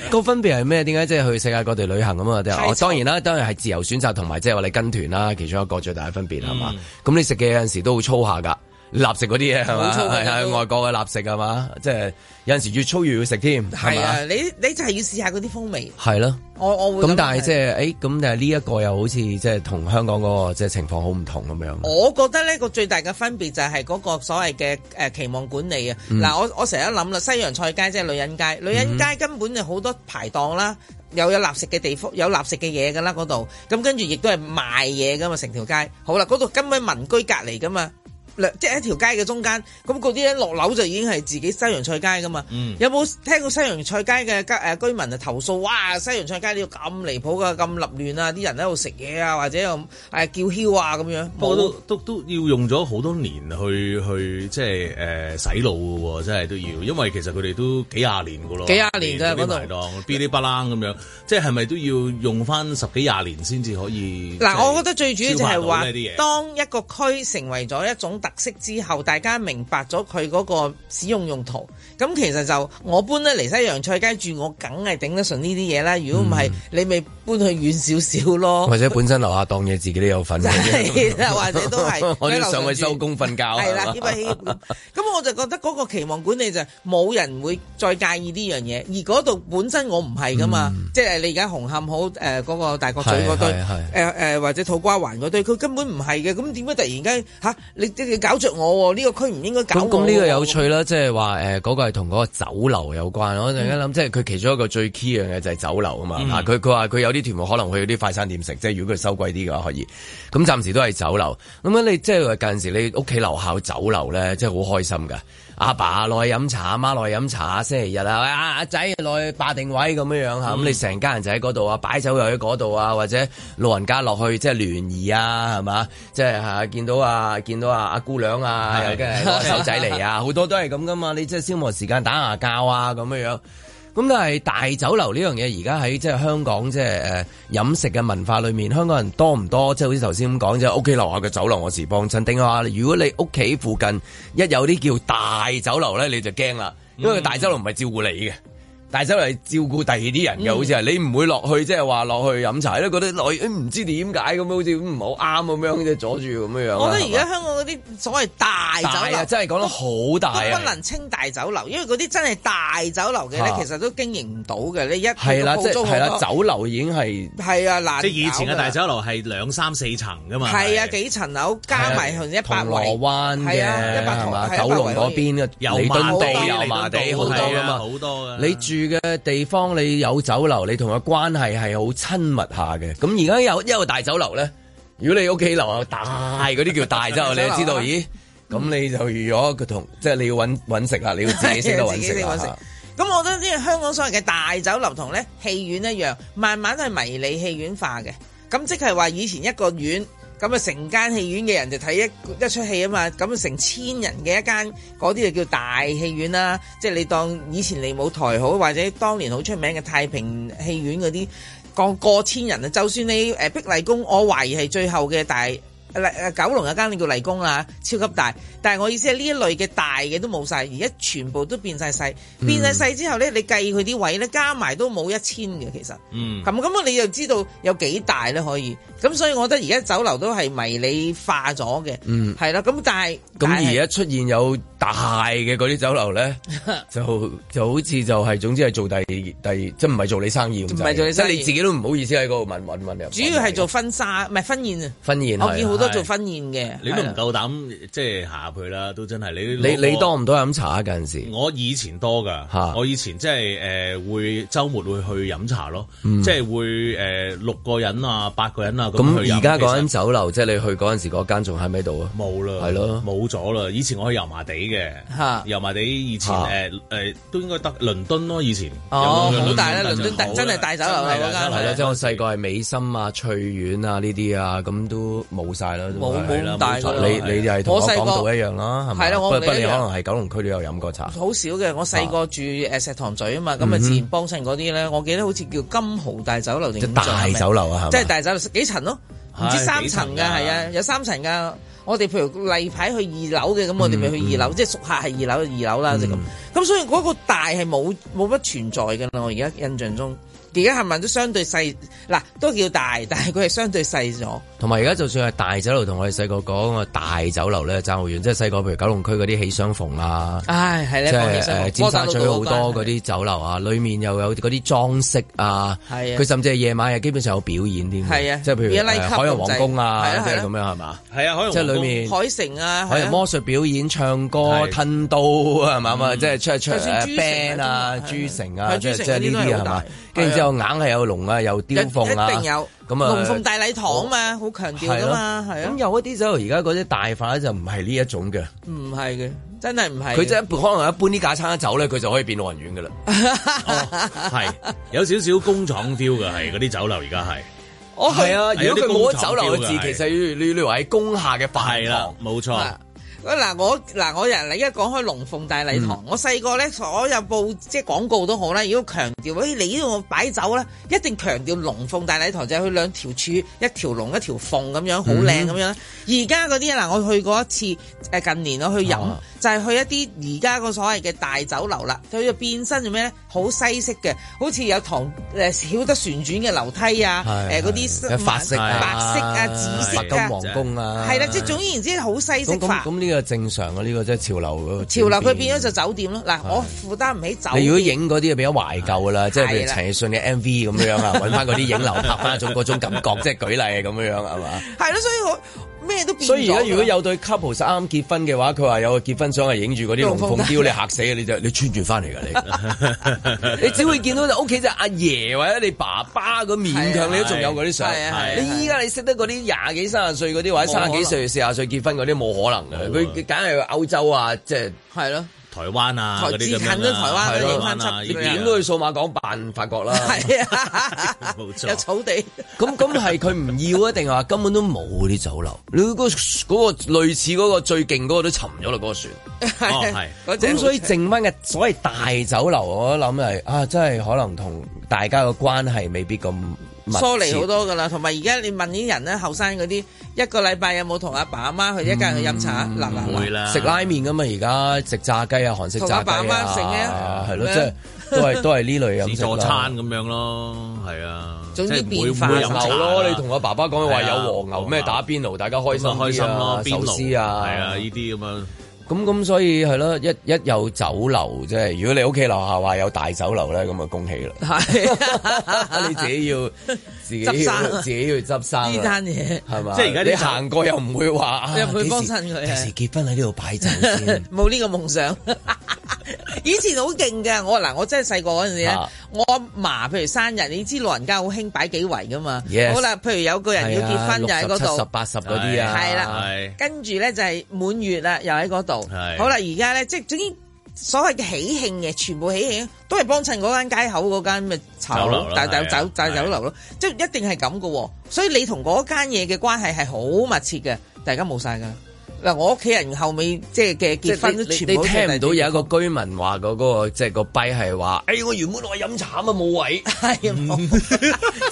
個分別係咩？點解即係去世界各地旅行咁嘛？啲，當然啦，當然係自由選擇同埋即係我哋跟團啦，其中一個最大嘅分別係嘛。咁你食嘅有陣時都會粗下噶。垃圾嗰啲嘢係嘛，係外國嘅垃圾係嘛，即係有陣時越粗越要食添，係啊，你你就係要試下嗰啲風味係咯。我我會咁，但係即係誒，咁但係呢一個又好似即係同香港嗰個即係情況好唔同咁樣。我覺得呢個最大嘅分別就係嗰個所謂嘅誒期望管理啊。嗱，我我成日都諗啦，西洋菜街即係女人街，女人街根本就好多排檔啦，有有垃圾嘅地方，有垃圾嘅嘢噶啦嗰度。咁跟住亦都係賣嘢噶嘛，成條街好啦。嗰度根本民居隔籬噶嘛。即係一條街嘅中間，咁嗰啲咧落樓就已經係自己西洋菜街噶嘛。嗯、有冇聽過西洋菜街嘅居居民啊投訴？哇！西洋菜街呢度咁離譜噶，咁立亂啊！啲人喺度食嘢啊，或者又係叫囂啊咁樣。不過都都，都要用咗好多年去去即係誒、呃、洗腦嘅喎，真係都要，因為其實佢哋都幾廿年噶咯，幾廿年嘅嗰度。啲排檔，嗶哩啪啦咁樣，即係係咪都要用翻十幾廿年先至可以？嗱嘩即，我覺得最主要就係、是、話，當一個區成為咗一種特色之後，大家明白咗佢嗰個使用用途，咁其實就我搬得嚟西洋菜街住，我梗係頂得順呢啲嘢啦。如果唔係，你咪搬去遠少少咯，或者本身樓下當嘢自己都有份嘅，或者都係我要上去收工瞓覺。係啦，依家起業，咁我就覺得嗰個期望管理就冇人會再介意呢樣嘢，而嗰度本身我唔係㗎嘛，即係你而家紅磡好誒嗰個大角咀嗰堆，誒誒或者土瓜灣嗰堆，佢根本唔係嘅，咁點解突然間嚇你即係？搞着我呢、呢個區唔應該搞。咁呢個有趣啦，即係話誒，嗰、呃嗰個係同嗰個酒樓有關。我突然間諗，即係佢其中一個最 key 嘅嘢就係酒樓啊嘛。佢佢話佢有啲團可能去啲快餐店食，即係如果佢收貴啲嘅話可以。咁暫時都係酒樓。咁樣你即係有陣時你屋企樓下酒樓咧，即係好開心噶。阿爸落去飲茶，阿媽落去飲茶，星期日喂啊，阿仔落去霸定位咁樣樣吓咁、嗯、你成家人就喺嗰度啊，擺酒又喺嗰度啊，或者老人家落去即係聯誼啊，係嘛？即係嚇見到啊，見到啊阿姑娘啊，的又嘅，手仔嚟啊，好多都係咁噶嘛，你即係消磨時間打牙骹啊咁樣樣。咁但係大酒樓呢樣嘢，而家喺即係香港即係飲食嘅文化裏面，香港人多唔多？即係好似頭先咁講，即係屋企樓下嘅酒樓我時幫襯，定話如果你屋企附近一有啲叫大酒樓咧，你就驚啦，因為大酒樓唔係照顧你嘅。大酒樓係照顧第二啲人嘅，好似係，你唔會落去即係話落去飲茶咧，覺得內唔知點解咁樣好似唔好啱，咁樣嘅阻住咁樣，我覺得而家香港嗰啲所謂大酒樓，大啊，真係講得好大啊！不能稱大酒樓，因為嗰啲真係大酒樓嘅咧，其實都經營唔到嘅。你一係啦，即係啦，酒樓已經係係啊，嗱，即係以前嘅大酒樓係兩三四層噶嘛，係啊幾層樓加埋同一百圍嘅，係啊，銅鑼灣嘅，九龍嗰邊有，有，島地又離地好多嘛，好多你住嘅地方你有酒樓，你同佢關係係好親密下嘅。咁而家有一個大酒樓咧，如果你屋企樓下大，嗰啲叫大酒樓，你就知道 (laughs) 咦？咁、嗯、你就預咗佢同，即係你要揾揾食啦，你要自己識 (laughs) 得揾食。咁我覺得啲香港所謂嘅大酒樓同咧戲院一樣，慢慢都係迷你戲院化嘅。咁即係話以前一個院。咁啊，成間戲院嘅人就睇一一出戲啊嘛，咁成千人嘅一間，嗰啲就叫大戲院啦。即係你當以前利舞台好，或者當年好出名嘅太平戲院嗰啲，過千人啊。就算你誒碧麗宮，我懷疑係最後嘅大。誒九龍有間叫麗宮啦，超級大。但係我意思係呢一類嘅大嘅都冇晒，而家全部都變晒細。嗯、變晒細之後咧，你計佢啲位咧，加埋都冇一千嘅其實。嗯，咁咁我你又知道有幾大咧可以？咁所以我覺得而家酒樓都係迷你化咗嘅。嗯，係啦，咁但係咁而家出現有。大嘅嗰啲酒樓咧，就就好似就係，總之係做第第，即唔係做你生意。唔係做你生意，你自己都唔好意思喺嗰度問問問。主要係做婚紗，唔係婚宴。婚宴，我見好多做婚宴嘅。你都唔夠膽，即係下去啦，都真係你你多唔多飲茶啊？嗰陣時，我以前多噶，我以前即係誒會周末會去飲茶咯，即係會誒六個人啊，八個人啊咁。而家嗰間酒樓，即係你去嗰陣時，嗰間仲喺唔喺度啊？冇啦，係咯，冇咗啦。以前我去油麻地嘅。嘅嚇，又埋啲以前誒誒都應該得，倫敦咯以前。哦，好大咧，倫敦真係大酒樓啦。真係啦，即係我細個係美心啊、翠苑啊呢啲啊，咁都冇晒啦。冇冇大過。你你係同我講到一樣啦。係啦，我你一樣。不不，你可能係九龍區都有飲過茶。好少嘅，我細個住誒石塘咀啊嘛，咁啊自然幫襯嗰啲咧。我記得好似叫金豪大酒樓定。即係大酒樓啊，係嘛？即係大酒樓幾層咯？唔知三層㗎，係啊，有三層㗎。我哋譬如例牌去二樓嘅，咁我哋咪去二樓，即係熟客係二樓，嗯、就二樓啦就咁、是。嗯咁所以嗰個大係冇冇乜存在㗎啦，我而家印象中而家係咪都相對細，嗱都叫大，但係佢係相對細咗。同埋而家就算係大酒樓，同我哋細個講個大酒樓咧爭好遠，即係細個譬如九龍區嗰啲喜相逢啊，即係誒尖沙咀好多嗰啲酒樓啊，裏面又有嗰啲裝飾啊，佢甚至係夜晚係基本上有表演添，即係譬如海洋王宮啊，即係咁樣係嘛？係啊，海洋王宮海城啊，海洋魔術表演、唱歌、吞刀係嘛即係。出出誒冰啊，朱成啊，即係呢啲係嘛？跟住之後硬係有龍啊，有雕鳳啊，一定有咁啊。龍鳳大禮堂啊嘛，好強調噶嘛，係啊。咁有一啲酒樓而家嗰啲大化咧，就唔係呢一種嘅，唔係嘅，真係唔係。佢真可能一般啲架一走咧，佢就可以變老人院噶啦。係有少少工廠雕 e 嘅，係嗰啲酒樓而家係。哦，係啊，如果佢冇咗酒樓嘅字，其實你要認喺工下嘅飯堂，冇錯。嗱、啊，我嗱我人嚟，一講開龍鳳大禮堂，嗯、我細個咧所有報、即係廣告都好啦。如果強調，喂、哎，你呢度擺酒咧，一定強調龍鳳大禮堂就係、是、去兩條柱，一條龍一條鳳咁樣，好靚咁樣。而家嗰啲嗱，我去過一次，誒近年我去飲，啊、就係去一啲而家個所謂嘅大酒樓啦，佢就去變身做咩咧？好西式嘅，好似有堂誒曉得旋轉嘅樓梯啊，誒嗰啲白色啊、白色啊紫色啊、白金皇宮啊，係啦，即係總言之，好西式化。正常啊，呢個即係潮流咯。潮流佢變咗就酒店咯。嗱的，我負擔唔起酒店。你如果影嗰啲就比較懷舊啦，的即係譬如陳奕迅嘅 MV 咁樣啊，揾翻嗰啲影樓拍翻一種嗰 (laughs) 種感覺，即係 (laughs) 舉例啊咁樣樣係嘛？係咯，所以我。都所以而家如果有對 couple 啱啱結婚嘅話，佢話有個結婚相係影住嗰啲龍鳳雕，對你嚇死啊！你就你穿住翻嚟㗎，你 (laughs) (laughs) 你只會見到就屋企就阿爺或者你爸爸，佢勉強你都仲有嗰啲相。你依家你識得嗰啲廿幾、三十歲嗰啲或者三十幾歲、四十歲結婚嗰啲冇可能嘅，佢佢梗係去歐洲啊，即係係咯。台灣啊，近咗台灣都影翻出點都去數碼港辦法國啦。係啊，冇錯，有草地。咁咁係佢唔要啊，定係話根本都冇啲酒樓？你嗰嗰個類似嗰個最勁嗰個都沉咗啦，嗰個船。係係。咁所以剩翻嘅所謂大酒樓，我諗係啊，真係可能同大家嘅關係未必咁。疏離好多噶啦，同埋而家你問啲人咧，後生嗰啲一個禮拜有冇同阿爸阿媽去一家人去飲茶？嗱嗱嗱，食拉麵噶嘛而家，食炸雞啊，韓式炸雞啊，同阿爸阿媽食啊，係咯，即係都係都係呢類飲食，自助餐咁樣咯，係啊，總之變化飲茶咯。你同阿爸爸講話有和牛咩打邊爐，大家開心開心咯，壽司啊，係啊，呢啲咁樣。咁咁所以係咯，一一有酒樓，即係如果你屋企樓下話有大酒樓咧，咁啊恭喜啦！係你自己要自己要自己去執生呢單嘢係嘛？即係而家你行過又唔會話，又會幫襯佢啊？平時結婚喺呢度擺陣先，冇呢個夢想。以前好勁噶，我嗱，我真係細個嗰陣時咧，我阿嫲譬如生日，你知老人家好興擺幾圍噶嘛？好啦，譬如有個人要結婚就喺嗰度，七十八十嗰啲啊，係啦，跟住咧就係滿月啦，又喺嗰度。是好啦，而家咧，即係總之所謂嘅喜慶嘅，全部喜慶都係幫襯嗰間街口嗰間咪茶樓，大酒酒酒樓咯，即係一定係咁喎。所以你同嗰間嘢嘅關係係好密切嘅，大家冇晒噶。嗱，我屋企人後尾即係嘅結婚全都全部，你聽唔到有一個居民話嗰、那個即係、就是、個跛係話，哎，我原本我飲茶啊，冇位，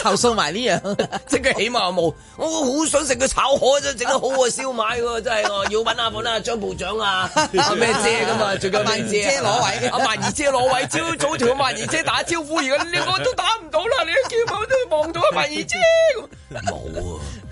投訴埋呢樣，即係起碼冇，我好想食個炒河，整得好個燒賣，真係， (laughs) 要揾下搵下張部長啊，咩姐咁啊，仲有萬姐，姐攞、啊啊、位，阿萬二姐攞位、啊、位，朝早同阿萬二姐打招呼，而家你我都打唔到啦，你叫我，我都望到阿萬二姐，冇啊。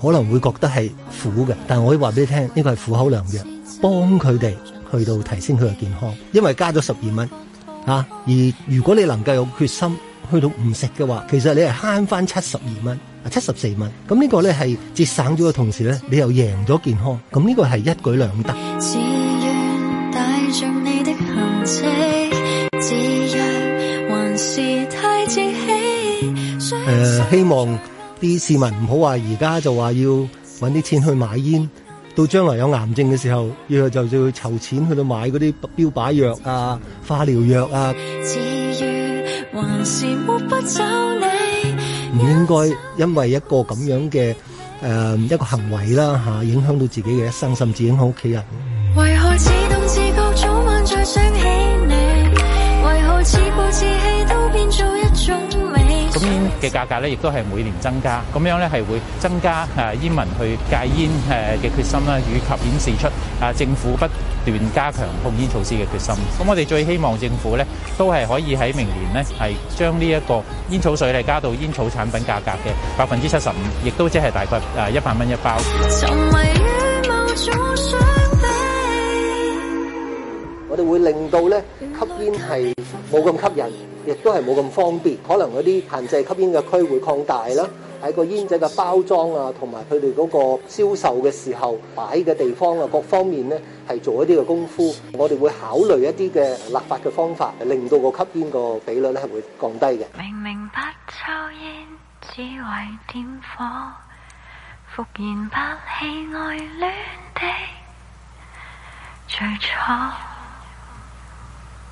可能會覺得係苦嘅，但我可以話俾你聽，呢個係苦口良藥，幫佢哋去到提升佢嘅健康。因為加咗十二蚊，啊，而如果你能夠有決心去到唔食嘅話，其實你係慳返七十二蚊啊，七十四蚊。咁呢個咧係節省咗嘅同時咧，你又贏咗健康。咁呢個係一舉兩得。自自你太誒，希望。啲市民唔好話而家就話要揾啲錢去買煙，到將來有癌症嘅時候，要就就要籌錢去到買嗰啲標靶藥啊、化療藥啊。唔應該因為一個咁樣嘅誒、呃、一個行為啦吓、啊，影響到自己嘅一生，甚至影響屋企人。嘅價格咧，亦都係每年增加，咁樣咧係會增加啊煙民去戒煙誒嘅、啊、決心啦，以及顯示出啊政府不斷加強控煙措施嘅決心。咁我哋最希望政府咧，都係可以喺明年呢，係將呢一個煙草稅嚟加到煙草產品價格嘅百分之七十五，亦都即係大概誒一百蚊一包。 (music) 我哋會令到咧吸煙係冇咁吸引，亦都係冇咁方便。可能嗰啲限制吸煙嘅區會擴大啦。喺個煙仔嘅包裝啊，同埋佢哋嗰個銷售嘅時候擺嘅地方啊，各方面咧係做一啲嘅功夫。我哋會考慮一啲嘅立法嘅方法，令到個吸煙個比率咧係會降低嘅。明明不抽煙，只為點火，復燃不起愛戀的最初。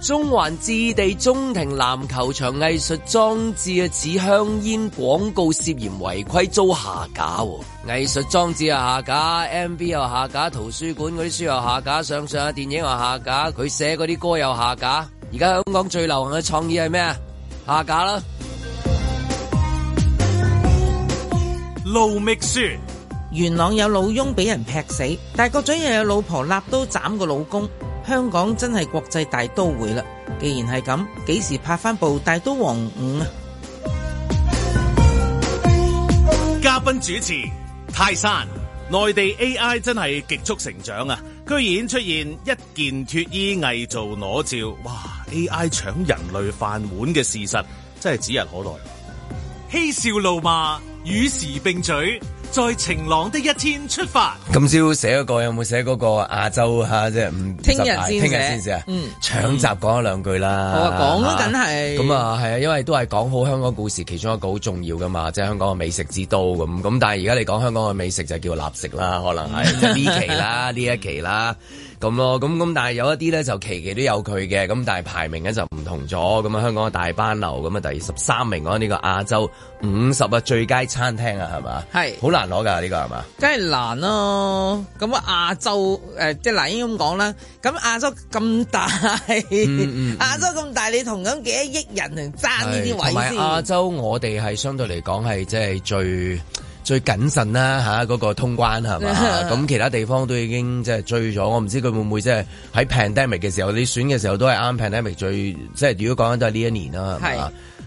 中環置地中庭籃球場藝術裝置啊，似香煙廣告涉嫌違規遭下架。藝術裝置又下架，MV 又下架，圖書館嗰啲書又下架，上上下電影又下架，佢寫嗰啲歌又下架。而家香港最流行嘅創意係咩啊？下架啦！路覓書，元朗有老翁俾人劈死，但係個嘴又有老婆，立刀斬個老公。香港真係國際大都會啦！既然係咁，幾時拍翻部《大都王五》啊？嘉賓主持泰山，內地 AI 真係極速成長啊！居然出現一件脫衣偽造裸照，哇！AI 搶人類飯碗嘅事實真係指日可待。嬉笑怒罵，與時並舉。在晴朗的一天出發。今朝寫嗰個有冇寫嗰、那個亞洲即係唔聽日先寫，寫嗯、搶集講咗兩句啦。我講緊係。咁啊，係啊，因為都係講好香港故事，其中一個好重要㗎嘛，即、就、係、是、香港嘅美食之都咁。咁但係而家你講香港嘅美食就叫垃食啦，可能係呢期啦，呢、就是、一期啦。嗯 (laughs) 咁咯，咁咁，但係有一啲咧就期期都有佢嘅，咁但係排名咧就唔同咗。咁啊，香港大班樓，咁啊第十三名講呢、這個亞洲五十啊最佳餐廳是、這個、啊，係嘛？係，好難攞噶呢個係嘛？梗係難咯。咁亞洲誒，即係嗱，應咁講啦。咁亞洲咁大，亞、嗯嗯嗯、洲咁大，你同緊幾多億人嚟爭呢啲位先？唔亞洲，我哋係相對嚟講係即係最。最謹慎啦，嗰、啊那個通關係嘛，咁 (laughs) 其他地方都已經即係追咗。我唔知佢會唔會即係喺 pandemic 嘅時候，你選嘅時候都係啱 pandemic 最即係、就是。如果講緊都係呢一年啦，係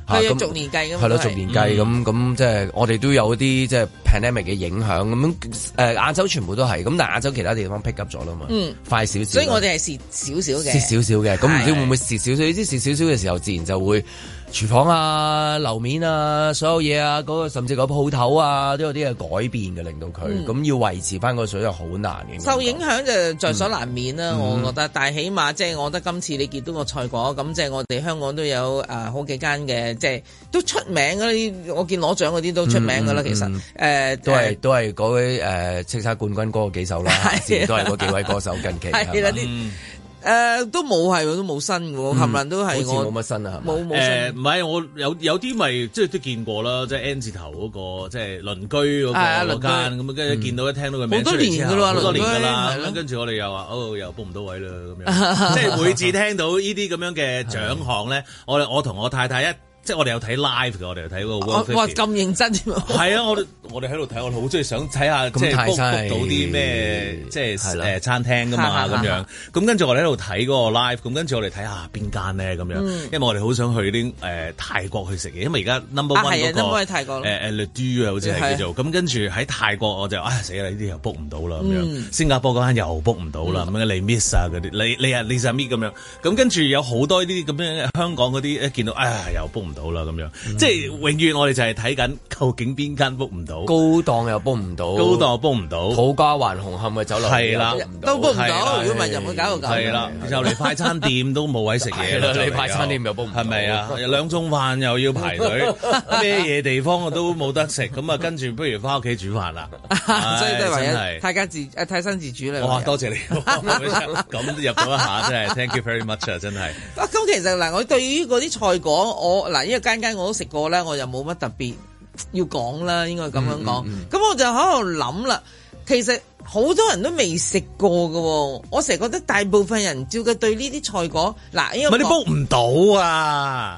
是啊，逐年計咁係咯，逐那年計咁咁即係我哋都有啲即係、就是、pandemic 嘅影響咁樣。亞、呃、亞洲全部都係，咁但亞亞洲其他地方 Pick up 咗啦嘛，嗯、快少少。所以我哋係蝕少少嘅，蝕少少嘅，咁唔的知會唔會蝕少少？啲蝕少少嘅時候，自然就會。廚房啊、樓面啊、所有嘢啊，嗰個甚至個鋪頭啊，都有啲嘢改變嘅，令到佢咁、嗯、要維持返個水就好難嘅。受影響就在所難免啦、啊，嗯、我覺得。嗯、但係起碼即係、就是、我覺得今次你見到個賽果咁，即係、嗯、我哋香港都有誒、啊、好幾間嘅，即、就、係、是、都出名嗰啲。我見攞獎嗰啲都出名㗎啦。其實誒、嗯嗯呃、都係都係嗰位誒叱咤冠軍歌幾首啦，是的都係嗰幾位歌手近期啲。誒都冇係，都冇新喎，冚唪唥、嗯、都係我，好似冇乜新啊，冇冇誒唔係，我有有啲咪即係都見過啦，即係 N 字頭嗰個，即係鄰居嗰個嗰間，咁啊跟住見到一聽到佢名，好多年㗎啦，好多年㗎啦，跟住了我哋又話，哦又 book 唔到位啦，咁樣即係 (laughs) 每次聽到呢啲咁樣嘅獎項咧， (laughs) 的我我同我太太一。即係我哋有睇 live 嘅，我哋又睇嗰個。哇咁認真添啊！係啊，我我哋喺度睇，我哋好中意想睇下即係 book book 到啲咩即係誒餐廳㗎嘛咁樣。咁跟住我哋喺度睇嗰個 live，咁跟住我哋睇下邊間咧咁樣，因為我哋好想去啲誒泰國去食嘢，因為而家 number one 嗰個 Lulu 啊，好似係叫做。咁跟住喺泰國我就唉死啦！呢啲又 book 唔到啦咁樣。新加坡嗰間又 book 唔到啦，你 miss 啊嗰啲，你你啊你 miss 咁樣。咁跟住有好多呢啲咁樣香港嗰啲一見到唉又 book 唔。到啦咁樣，即係永遠我哋就係睇緊，究竟邊間 book 唔到，高檔又 book 唔到，高檔又 book 唔到，土家還紅磡嘅酒樓係啦，都 book 唔到，如果唔係搞到搞係啦，又嚟，快餐店都冇位食嘢啦，嚟快餐店又 book 唔到，係咪啊？兩盅飯又要排隊，咩嘢地方我都冇得食，咁啊，跟住不如翻屋企煮飯啦，所以都係唯有大家自誒身自主啦。哇，多謝你咁入到一下，真係 Thank you very much 啊，真係。咁其實嗱，我對於嗰啲菜講，我嗱。因為間間我都食過咧，我又冇乜特別要講啦，應該咁樣講。咁、mm hmm. 我就喺度諗啦，其實。好多人都未食過喎，哦。我成日覺得大部分人照嘅對呢啲菜果嗱，因為你煲唔到啊，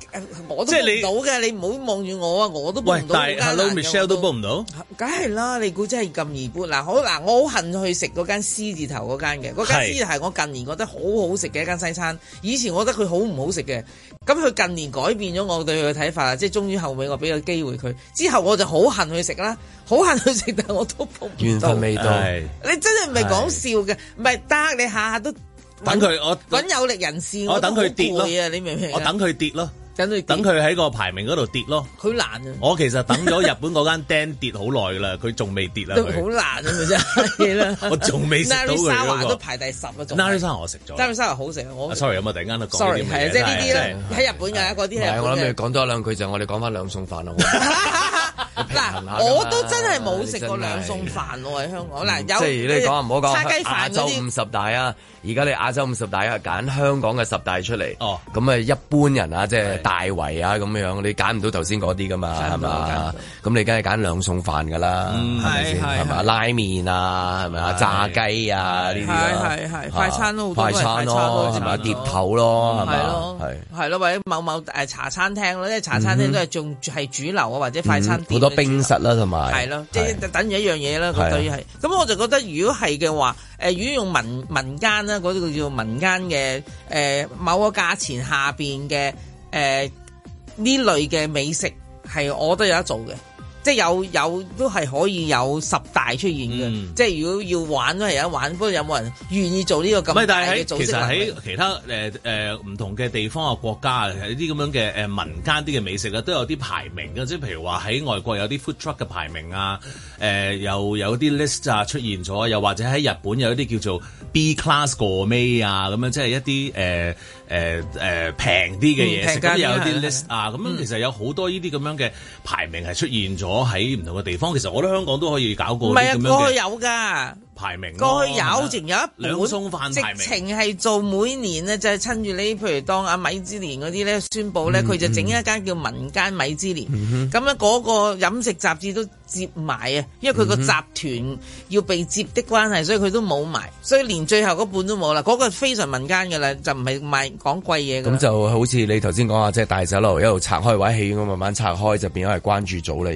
我煲唔到即係你唔到嘅，你唔好望住我啊，我都煲唔到。喂，但 Hello Michelle 都，都煲唔到，梗係啦，你估真係咁易煲嗱？好嗱，我好恨去食嗰間獅字頭嗰間嘅，嗰間獅字頭係我近年覺得好好食嘅一間西餐，以前我覺得佢好唔好食嘅，咁佢近年改變咗我對佢嘅睇法，即係終於後尾我俾個機會佢，之後我就好恨去食啦，好恨去食，但我都煲唔到，緣分未到，哎你真係唔係講笑嘅，唔係得你下下都等佢，我揾有力人士，我等佢跌咯，你明唔明？我等佢跌咯，等佢，等佢喺個排名嗰度跌咯。佢難啊！我其實等咗日本嗰間店跌好耐啦，佢仲未跌啊！都好難啊，咪真係啦！我仲未食到。Narisawa 都排第十嗰種。Narisawa 我食咗。Narisawa 好食啊！我 Sorry 有冇突然間都講啲嘢？係啊，即係呢啲咧喺日本嘅嗰啲係。我諗不如講多兩句，就我哋講翻兩餸飯啦。嗱，我都真係冇食過兩餸飯喎喺香港。嗱，有即係你講唔好講炸雞飯嗰啲亞洲五十大啊，而家你亞洲五十大啊，揀香港嘅十大出嚟。哦，咁啊一般人啊，即係大圍啊咁樣，你揀唔到頭先嗰啲噶嘛，係嘛？咁你梗係揀兩餸飯噶啦，係咪先？係嘛？拉麪啊，係嘛？炸雞啊呢啲啊，係係係快餐咯，快餐咯，係嘛？碟頭咯，係咪？係係咯，或者某某誒茶餐廳咯，即係茶餐廳都係仲係主流啊，或者快餐。好多冰室啦，同埋係咯，即係就等於一樣嘢啦。咁對於係，咁我就覺得如果係嘅話，誒、呃、如果用民民間啦，嗰、那、啲、個、叫做民間嘅誒某個價錢下邊嘅誒呢類嘅美食，係我都有得做嘅。即係有有都係可以有十大出現嘅，嗯、即係如果要玩都係有玩，不過有冇人願意做呢個咁大，但係喺其實喺其他誒誒唔同嘅地方啊國家啊，啲咁樣嘅誒民間啲嘅美食啊，都有啲排名嘅，即係譬如話喺外國有啲 f o o t truck 嘅排名啊，誒、呃、又有啲 list 啊出現咗，又或者喺日本有一啲叫做 B class 過尾啊咁樣，即係一啲誒。誒誒平啲嘅嘢食都有啲 list 啊，咁樣其實有好多呢啲咁樣嘅排名係出現咗喺唔同嘅地方。嗯、其實我覺得香港都可以搞過。唔係啊，過去有㗎排名，過去有淨有一本兩餸飯排名，直情係做每年呢，就係、是、趁住呢，譬如當阿米芝蓮嗰啲咧宣佈咧，佢、嗯、哼就整一間叫民間米芝蓮。咁樣嗰個飲食雜誌都。接埋啊，因為佢個集團要被接的關係，嗯、哼所以佢都冇埋，所以連最後嗰半都冇啦。嗰、那個非常民間嘅咧，就唔係賣講貴嘢。咁就好似你頭先講話，即、就、係、是、大酒樓一路拆開位起，咁慢慢拆開就變咗係關注組啦。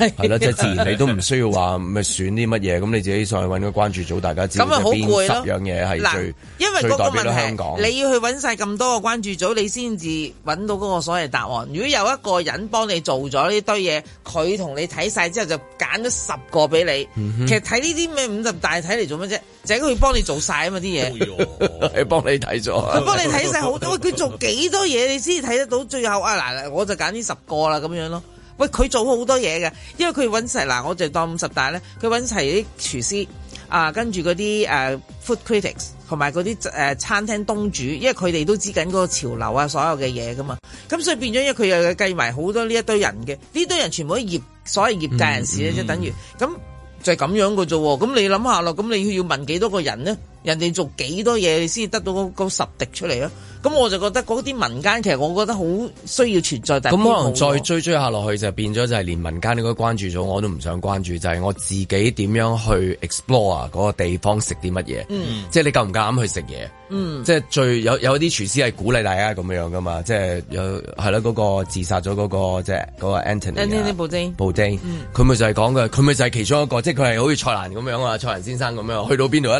而家係啦，即係、就是、自然你都唔需要話咪 (laughs) 選啲乜嘢，咁你自己上去揾個關注組大家知道邊十樣嘢係最因為個問題最代表香港。你要去揾曬咁多個關注組，你先至揾到嗰個所謂答案。如果有一個人幫你做咗呢堆嘢，佢同你睇晒之後。就揀咗十個俾你，嗯、哼其實睇呢啲咩五十大睇嚟做乜啫？淨係佢幫你做晒啊嘛啲嘢，係幫、哎、呦 (laughs) 你睇咗，佢幫 (laughs) 你睇晒好多。佢做幾多嘢你先睇得到？最後啊嗱，我就揀呢十個啦咁樣咯。喂，佢做好多嘢嘅，因為佢搵齊嗱，我就當五十大咧。佢搵齊啲廚師啊，跟住嗰啲誒 food critics，同埋嗰啲誒、啊、餐廳東主，因為佢哋都知緊嗰個潮流啊，所有嘅嘢噶嘛。咁所以變咗，因為佢又計埋好多呢一堆人嘅，呢堆人全部都一業。所以業界人士咧，即、嗯嗯、等於，咁就係咁樣嘅啫喎。咁你諗下啦，咁你要問幾多個人咧？人哋做幾多嘢你先至得到嗰嗰十滴出嚟咧？咁我就覺得嗰啲民間其實我覺得好需要存在。但係咁可能再追追下落去就變咗就係連民間應該關注咗我，我都唔想關注，就係、係、我自己點樣去 explore 嗰個地方食啲乜嘢？嗯，即係你夠唔夠膽去食嘢？嗯，即係最有有啲廚師係鼓勵大家咁樣㗎嘛？即係有係咯嗰個自殺咗嗰、嗰個即係嗰個 Anthony Anthony 布丁布丁，佢咪就係講嘅？佢咪就係其中一個，即係佢係好似蔡瀾咁樣啊，蔡瀾先生咁樣去到邊度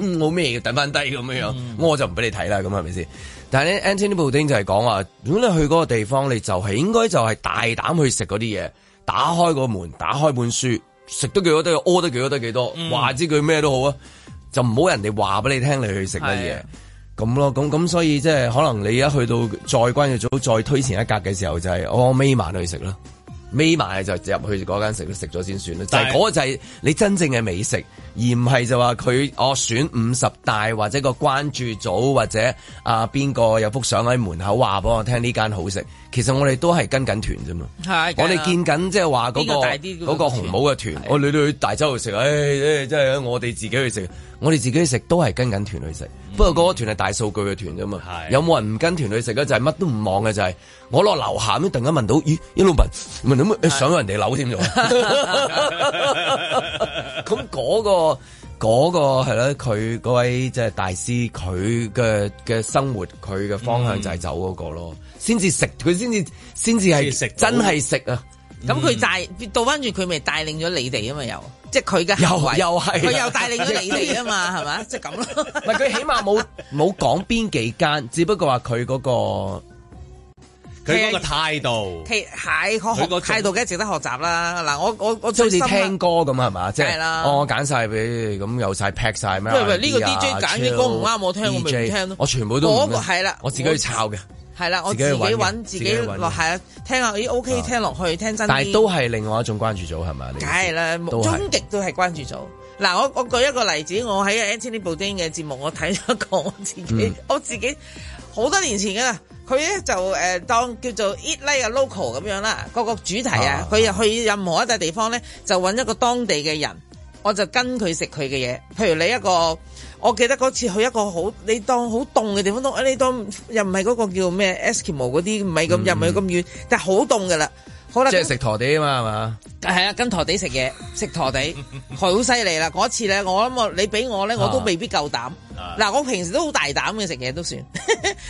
冇咩嘢要等翻低咁樣樣，嗯、我就唔俾你睇啦，咁係咪先？但係咧 Anthony Bourdain 就係講話，如果你去嗰個地方，你就係、是、應該就係大膽去食嗰啲嘢，打開個門，打開本書，食得幾多得幾多，屙得幾多得幾多，話知佢咩都好啊，就唔好人哋話俾你聽，你去食乜嘢咁咯，咁咁的所以即係可能你一去到再關嘅早再推前一格嘅時候，就係、是、我尾晚去食啦。孭埋就入去嗰間食，都食咗先算啦。但是就係嗰個就係你真正嘅美食，而唔係就話佢我選五十大或者個關注組或者啊邊個有幅相喺門口話俾我聽呢間好食。其實我哋都係跟緊團啫嘛。的我哋見緊即係話嗰個嗰個，個，個紅帽嘅團，的我哋去大洲度食，唉、哎哎，真係我哋自己去食，我哋自己去食都係跟緊團去食。不過嗰個團係大數據嘅團啫嘛。是有冇人唔跟團去食咧？就係、是、乜都唔望嘅就係、是，我落樓下咁突然間問到，咦，呢老伯，唔係點解你上人哋樓添啊？咁嗰、 (laughs) (laughs) 嗰個嗰、嗰個係咧，佢嗰位即係大師，佢嘅嘅生活，佢嘅方向就係走嗰個咯，先至食，佢先至先至係食真係食啊！咁佢就帶倒翻住，佢咪帶領咗你哋啊嘛又。即佢噶，又係又係，佢又帶領咗你哋啊嘛，係咪？即係咁咯。咪，係佢起碼冇冇講邊幾間，只不過話佢嗰個佢嗰個態度，係佢個態度梗係值得學習啦。嗱，我我我最中意聽歌咁係咪？即係我揀晒俾你，咁有晒拍晒咩？唔係呢個 D J 揀啲歌唔啱我聽，我咪唔聽咯。我全部都，係啦，我自己去抄嘅。係啦，我自己揾自己落，係啊，聽下咦，OK，聽落去，聽真。但係都係另外一種關注組，係咪啊？梗係啦，是終極都係關注組。嗱，我我舉一個例子，我喺 Anthony Bourdain 嘅節目，我睇咗一個我自己，嗯、我自己好多年前嘅啦。佢咧就誒當叫做 Eat Like a Local 咁樣啦，個、嗰個主題啊，佢又去任何一笪地方咧，就揾一個當地嘅人。我就跟佢食佢嘅嘢，譬如你一個，我記得嗰次去一個好，你當好凍嘅地方都，誒你當又唔係嗰個叫咩，Eskimo 嗰啲，唔係咁又唔係咁遠，但係好凍㗎啦，好啦，即係食陀地啊嘛，係嘛跟，係啊，跟陀地食嘢，食 (laughs) 陀地好犀利啦，嗰次咧我諗我，你俾我咧我都未必夠膽。啊。嗱，我平時都好大膽嘅食嘢都算，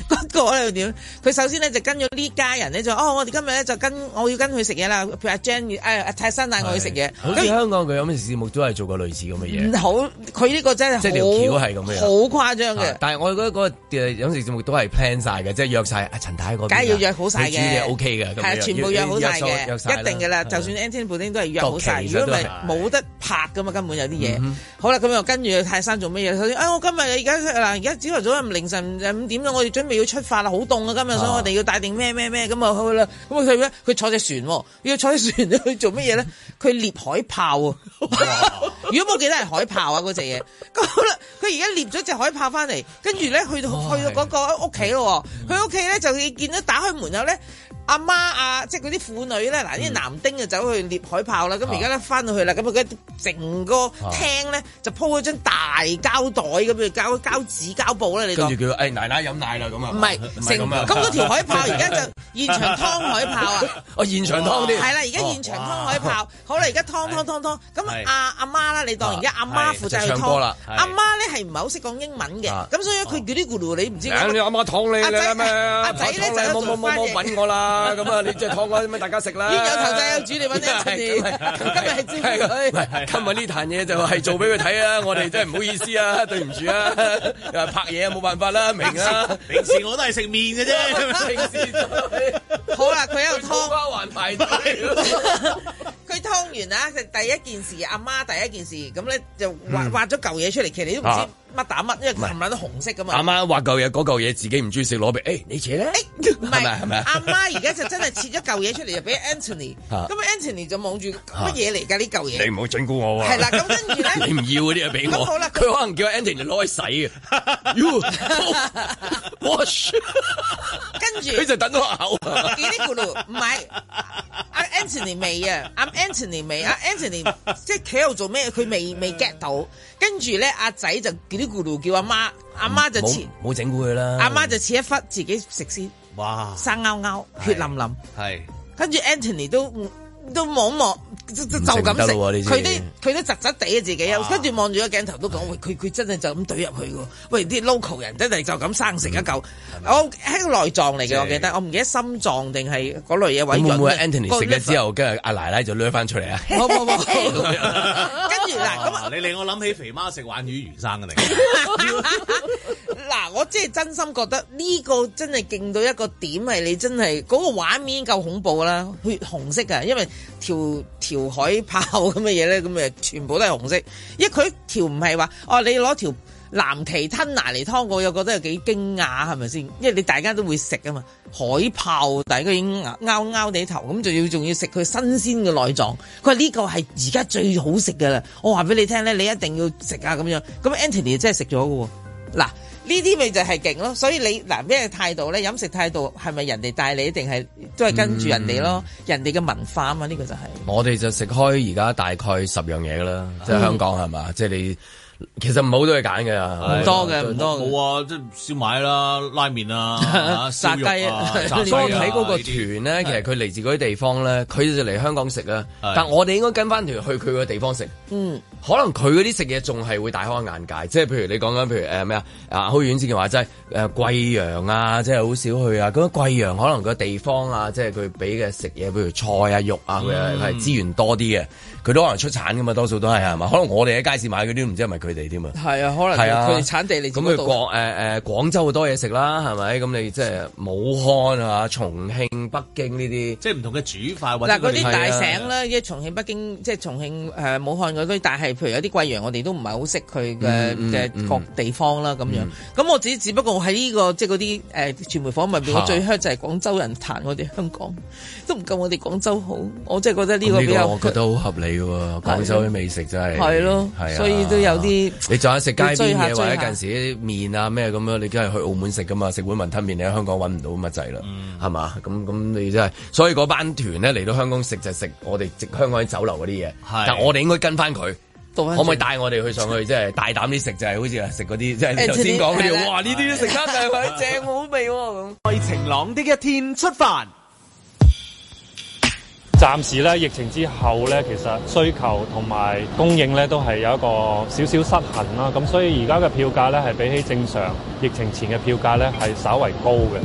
嗰個又點？佢首先咧就跟咗呢家人咧就哦，我哋今日咧就跟我要跟佢食嘢啦，譬如阿 j 阿泰山帶我去食嘢。好似香港佢飲食節目都係做過類似咁嘅嘢。好，佢呢個真係即條橋係咁嘅，好誇張嘅。但係我覺得嗰個嘅飲食節目都係 plan 晒嘅，即係約晒阿陳太嗰。梗係要約好晒嘅。佢煮嘢 OK 嘅。全部約好晒嘅，一定嘅啦。就算 Anthony Bourdain 都係約好晒。如果唔係冇得拍噶嘛，根本有啲嘢。好啦，咁又跟住泰山做乜嘢？首先我今日。而家嗱，而家朝頭早凌晨，五點啦，我哋準備要出發啦，好凍啊，今日所以我哋要帶定咩咩咩咁啊去啦。咁佢咧，佢坐隻船，要坐船去做乜嘢咧？佢獵海豹啊！Oh right. 如果冇記得係海豹啊，嗰隻嘢咁好啦。佢而家獵咗隻海豹翻嚟，跟住咧去到去到嗰個屋企咯。佢屋企咧就見到打開門口咧。阿媽啊，即係嗰啲婦女咧，嗱啲男丁就走去捏海豹啦。咁而家咧翻到去啦，咁佢整個廳咧就鋪咗張大膠袋咁嘅膠膠紙膠布啦，你當住佢誒奶奶飲奶啦咁啊！唔係咁嗰條海豹而家就現場湯海豹啊！哦，現場湯啲係啦，而家現場湯海豹。好啦，而家湯湯湯湯咁阿阿媽啦，你當而家阿媽負責去湯。阿媽咧係唔係好識講英文嘅？咁所以佢叫啲咕嚕，你唔知。阿媽湯你，阿仔阿仔咧，冇我啦！啊，咁啊，你即係劏開咁大家食啦。有頭仔有主，你揾人食。今日係主。今日呢壇嘢就係做俾佢睇啊。我哋真係唔好意思啊，對唔住啊，又拍嘢冇辦法啦，明啦。平時我都係食麵嘅啫。平時好啦，佢喺度劏，還排佢湯完啦，第一件事阿媽第一件事，咁咧就挖挖咗嚿嘢出嚟，其實你都唔知乜打乜，因為尋晚都紅色㗎嘛。阿媽挖嚿嘢，嗰嚿嘢自己唔中意食，攞俾誒你扯咧，誒唔係係咪啊？阿媽而家就真係切咗嚿嘢出嚟，就俾 Anthony，咁 Anthony 就望住乜嘢嚟㗎呢嚿嘢？你唔好整蠱我喎！係啦，咁跟住咧，你唔要嗰啲啊，俾我。咁好啦，佢可能叫 Anthony 攞去洗啊，wash。跟住佢就等我口，見啲咕碌，唔係阿 Anthony 未啊？阿 Anthony 未啊，Anthony 即係企喺度做咩？佢未未 get 到，跟住咧阿仔就叫咕嚕咕嚕叫阿媽，阿媽就切，冇整佢啦。阿媽就切一忽自己食先，哇，生凹凹，血淋淋，係。跟住 Anthony 都。都望一望，就咁食。佢啲佢啲窒窒地自己，跟住望住個鏡頭都講：喂，佢佢真係就咁懟入去嘅。喂，啲 local 人真係就咁生食一嚿，我係內臟嚟嘅，我記得，我唔記得心臟定係嗰類嘢揾咗。Anthony 食咗之後，跟住阿奶奶就掠翻出嚟啊！好，好，好。跟住嗱咁，你令我諗起肥媽食鯇魚魚生嘅嚟。嗱，我真係真心覺得呢個真係勁到一個點，係你真係嗰個畫面夠恐怖啦，血紅色嘅，因為條條海豹咁嘅嘢咧，咁誒全部都係紅色，因為佢條唔係話，哦你攞條藍鰭吞拿嚟劏我，又覺得有幾驚訝係咪先？因為你大家都會食啊嘛，海豹大家已經拗拗你頭，咁仲要仲要食佢新鮮嘅內臟。佢話呢個係而家最好食㗎啦，我話俾你聽咧，你一定要食啊咁樣。咁 Anthony 真係食咗㗎喎，嗱。呢啲咪就係勁咯，所以你嗱咩態度咧？飲食態度係咪人哋帶你，定係都係跟住人哋咯？嗯、人哋嘅文化啊嘛，呢、呢個就係、係、我哋就食開而家大概十樣嘢㗎啦，即係係香港係嘛？即係、就係、你。其實唔好多嘢揀嘅，唔多嘅唔多嘅，冇啊，即係燒賣啦、拉麵啊、殺雞。當我睇嗰個團咧，其實佢嚟自嗰啲地方咧，佢就嚟香港食啦。但我哋應該跟翻團去佢個地方食。可能佢嗰啲食嘢仲係會大開眼界，即係譬如你講緊，譬如誒咩啊啊好遠之前話，即係誒貴陽啊，即係好少去啊。咁貴陽可能個地方啊，即係佢俾嘅食嘢，譬如菜啊、肉啊，係資源多啲嘅，佢都可能出產噶嘛，多數都係係嘛。可能我哋喺街市買嗰啲，唔知係咪。佢哋啲嘛，係啊，可能佢哋係啊。佢哋產地嚟，咁佢廣誒誒廣州好多嘢食啦，係咪？咁你即係武漢啊、重慶、北京呢啲，即係唔同嘅煮法。嗱，嗰啲、啊、大省啦，依家重慶、北京，即係重慶誒、呃、武漢嗰堆，但係譬如有啲貴陽，我哋都唔係好識佢嘅嘅各地方啦咁、嗯嗯嗯、樣。咁我只只不過喺呢、呢個即係嗰啲誒傳媒訪問裡面，啊、我最 hurt 就係廣州人彈我哋香港都唔夠我哋廣州好，我真係覺得呢個比較個我覺得好合理嘅喎。廣州啲美食真係係咯，啊啊啊、所以都有啲。你仲有食街邊嘢或者近時啲麵啊咩咁樣，你梗係去澳門食噶嘛？食碗雲吞麵你喺香港揾唔到咁乜滯啦，係嘛、嗯？咁咁你真係，所以嗰班團咧嚟到香港食就食、是、我哋食香港啲酒樓嗰啲嘢，是 但我哋應該跟返佢，到可唔可以帶我哋去上去即係、就是、大膽啲食就係、是，就是、好似啊食嗰啲即係你頭先講嘅，哇呢啲食得正好味咁。在晴朗的一天出發。暫時咧，疫情之後咧，其實需求同埋供應咧都係有一個少少失衡啦。咁所以而家嘅票價咧係比起正常疫情前嘅票價咧係稍為高嘅。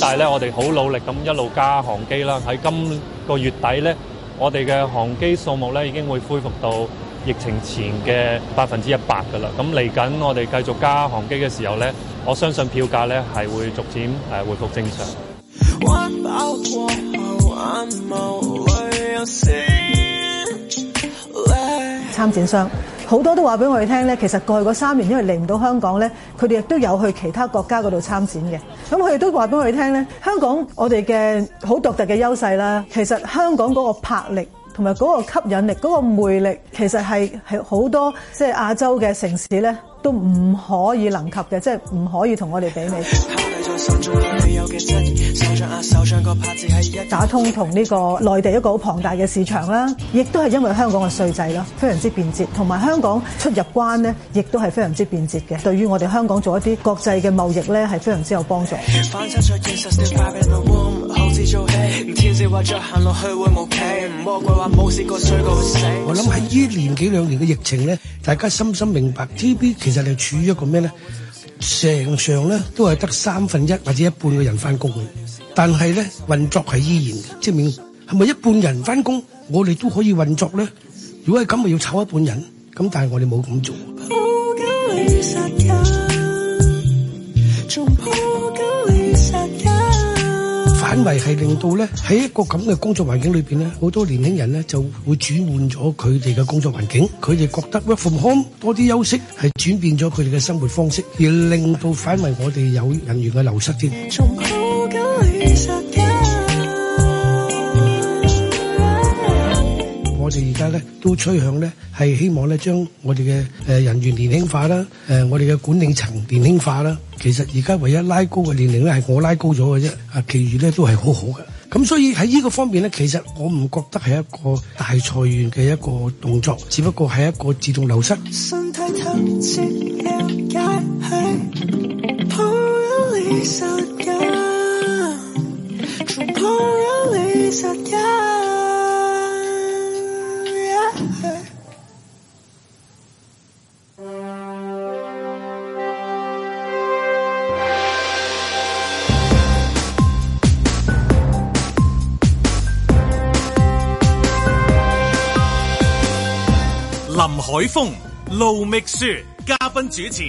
但係咧，我哋好努力咁一路加航機啦。喺今個月底咧，我哋嘅航機數目咧已經會恢復到。疫情前嘅百分之一百噶啦，咁嚟緊我哋繼續加航機嘅時候咧，我相信票價咧係會逐漸誒回復正常。參展商好多都話俾我哋聽咧，其實過去嗰三年因為嚟唔到香港咧，佢哋亦都有去其他國家嗰度參展嘅。咁佢哋都話俾我哋聽咧，香港我哋嘅好獨特嘅優勢啦，其實香港嗰個魄力。同埋嗰個吸引力、嗰個魅力，其實係係好多即係亞洲嘅城市咧，都唔可以能及嘅，即係唔可以同我哋媲美。有有啊、打通同呢個內地一個好龐大嘅市場啦，亦都係因為香港嘅稅制啦，非常之便捷，同埋香港出入關咧，亦都係非常之便捷嘅，對於我哋香港做一啲國際嘅貿易咧，係非常之有幫助。行落去會，冇企我諗喺呢年幾兩年嘅疫情咧，大家深深明白 TVB 其實你處於一個咩咧？成場咧都係得三分一或者一半嘅人翻工嘅，但係咧運作係依然嘅，即係明係咪一半人翻工，我哋都可以運作咧？如果係咁，咪要炒一半人？咁但係我哋冇咁做。哦因為係令到咧喺一個咁嘅工作環境裏邊咧，好多年輕人咧就會轉換咗佢哋嘅工作環境，佢哋覺得喂，放鬆多啲休息，係轉變咗佢哋嘅生活方式，而令到反為我哋有人員嘅流失添。我哋而家咧都趨向咧，係希望咧將我哋嘅誒人員年輕化啦，誒、呃、我哋嘅管理層年輕化啦。其實而家唯一拉高嘅年齡咧係我拉高咗嘅啫，啊其餘咧都係好好嘅。咁所以喺呢個方面咧，其實我唔覺得係一個大裁員嘅一個動作，只不過係一個自動流失。身體海風盧蜜雪嘉賓主持，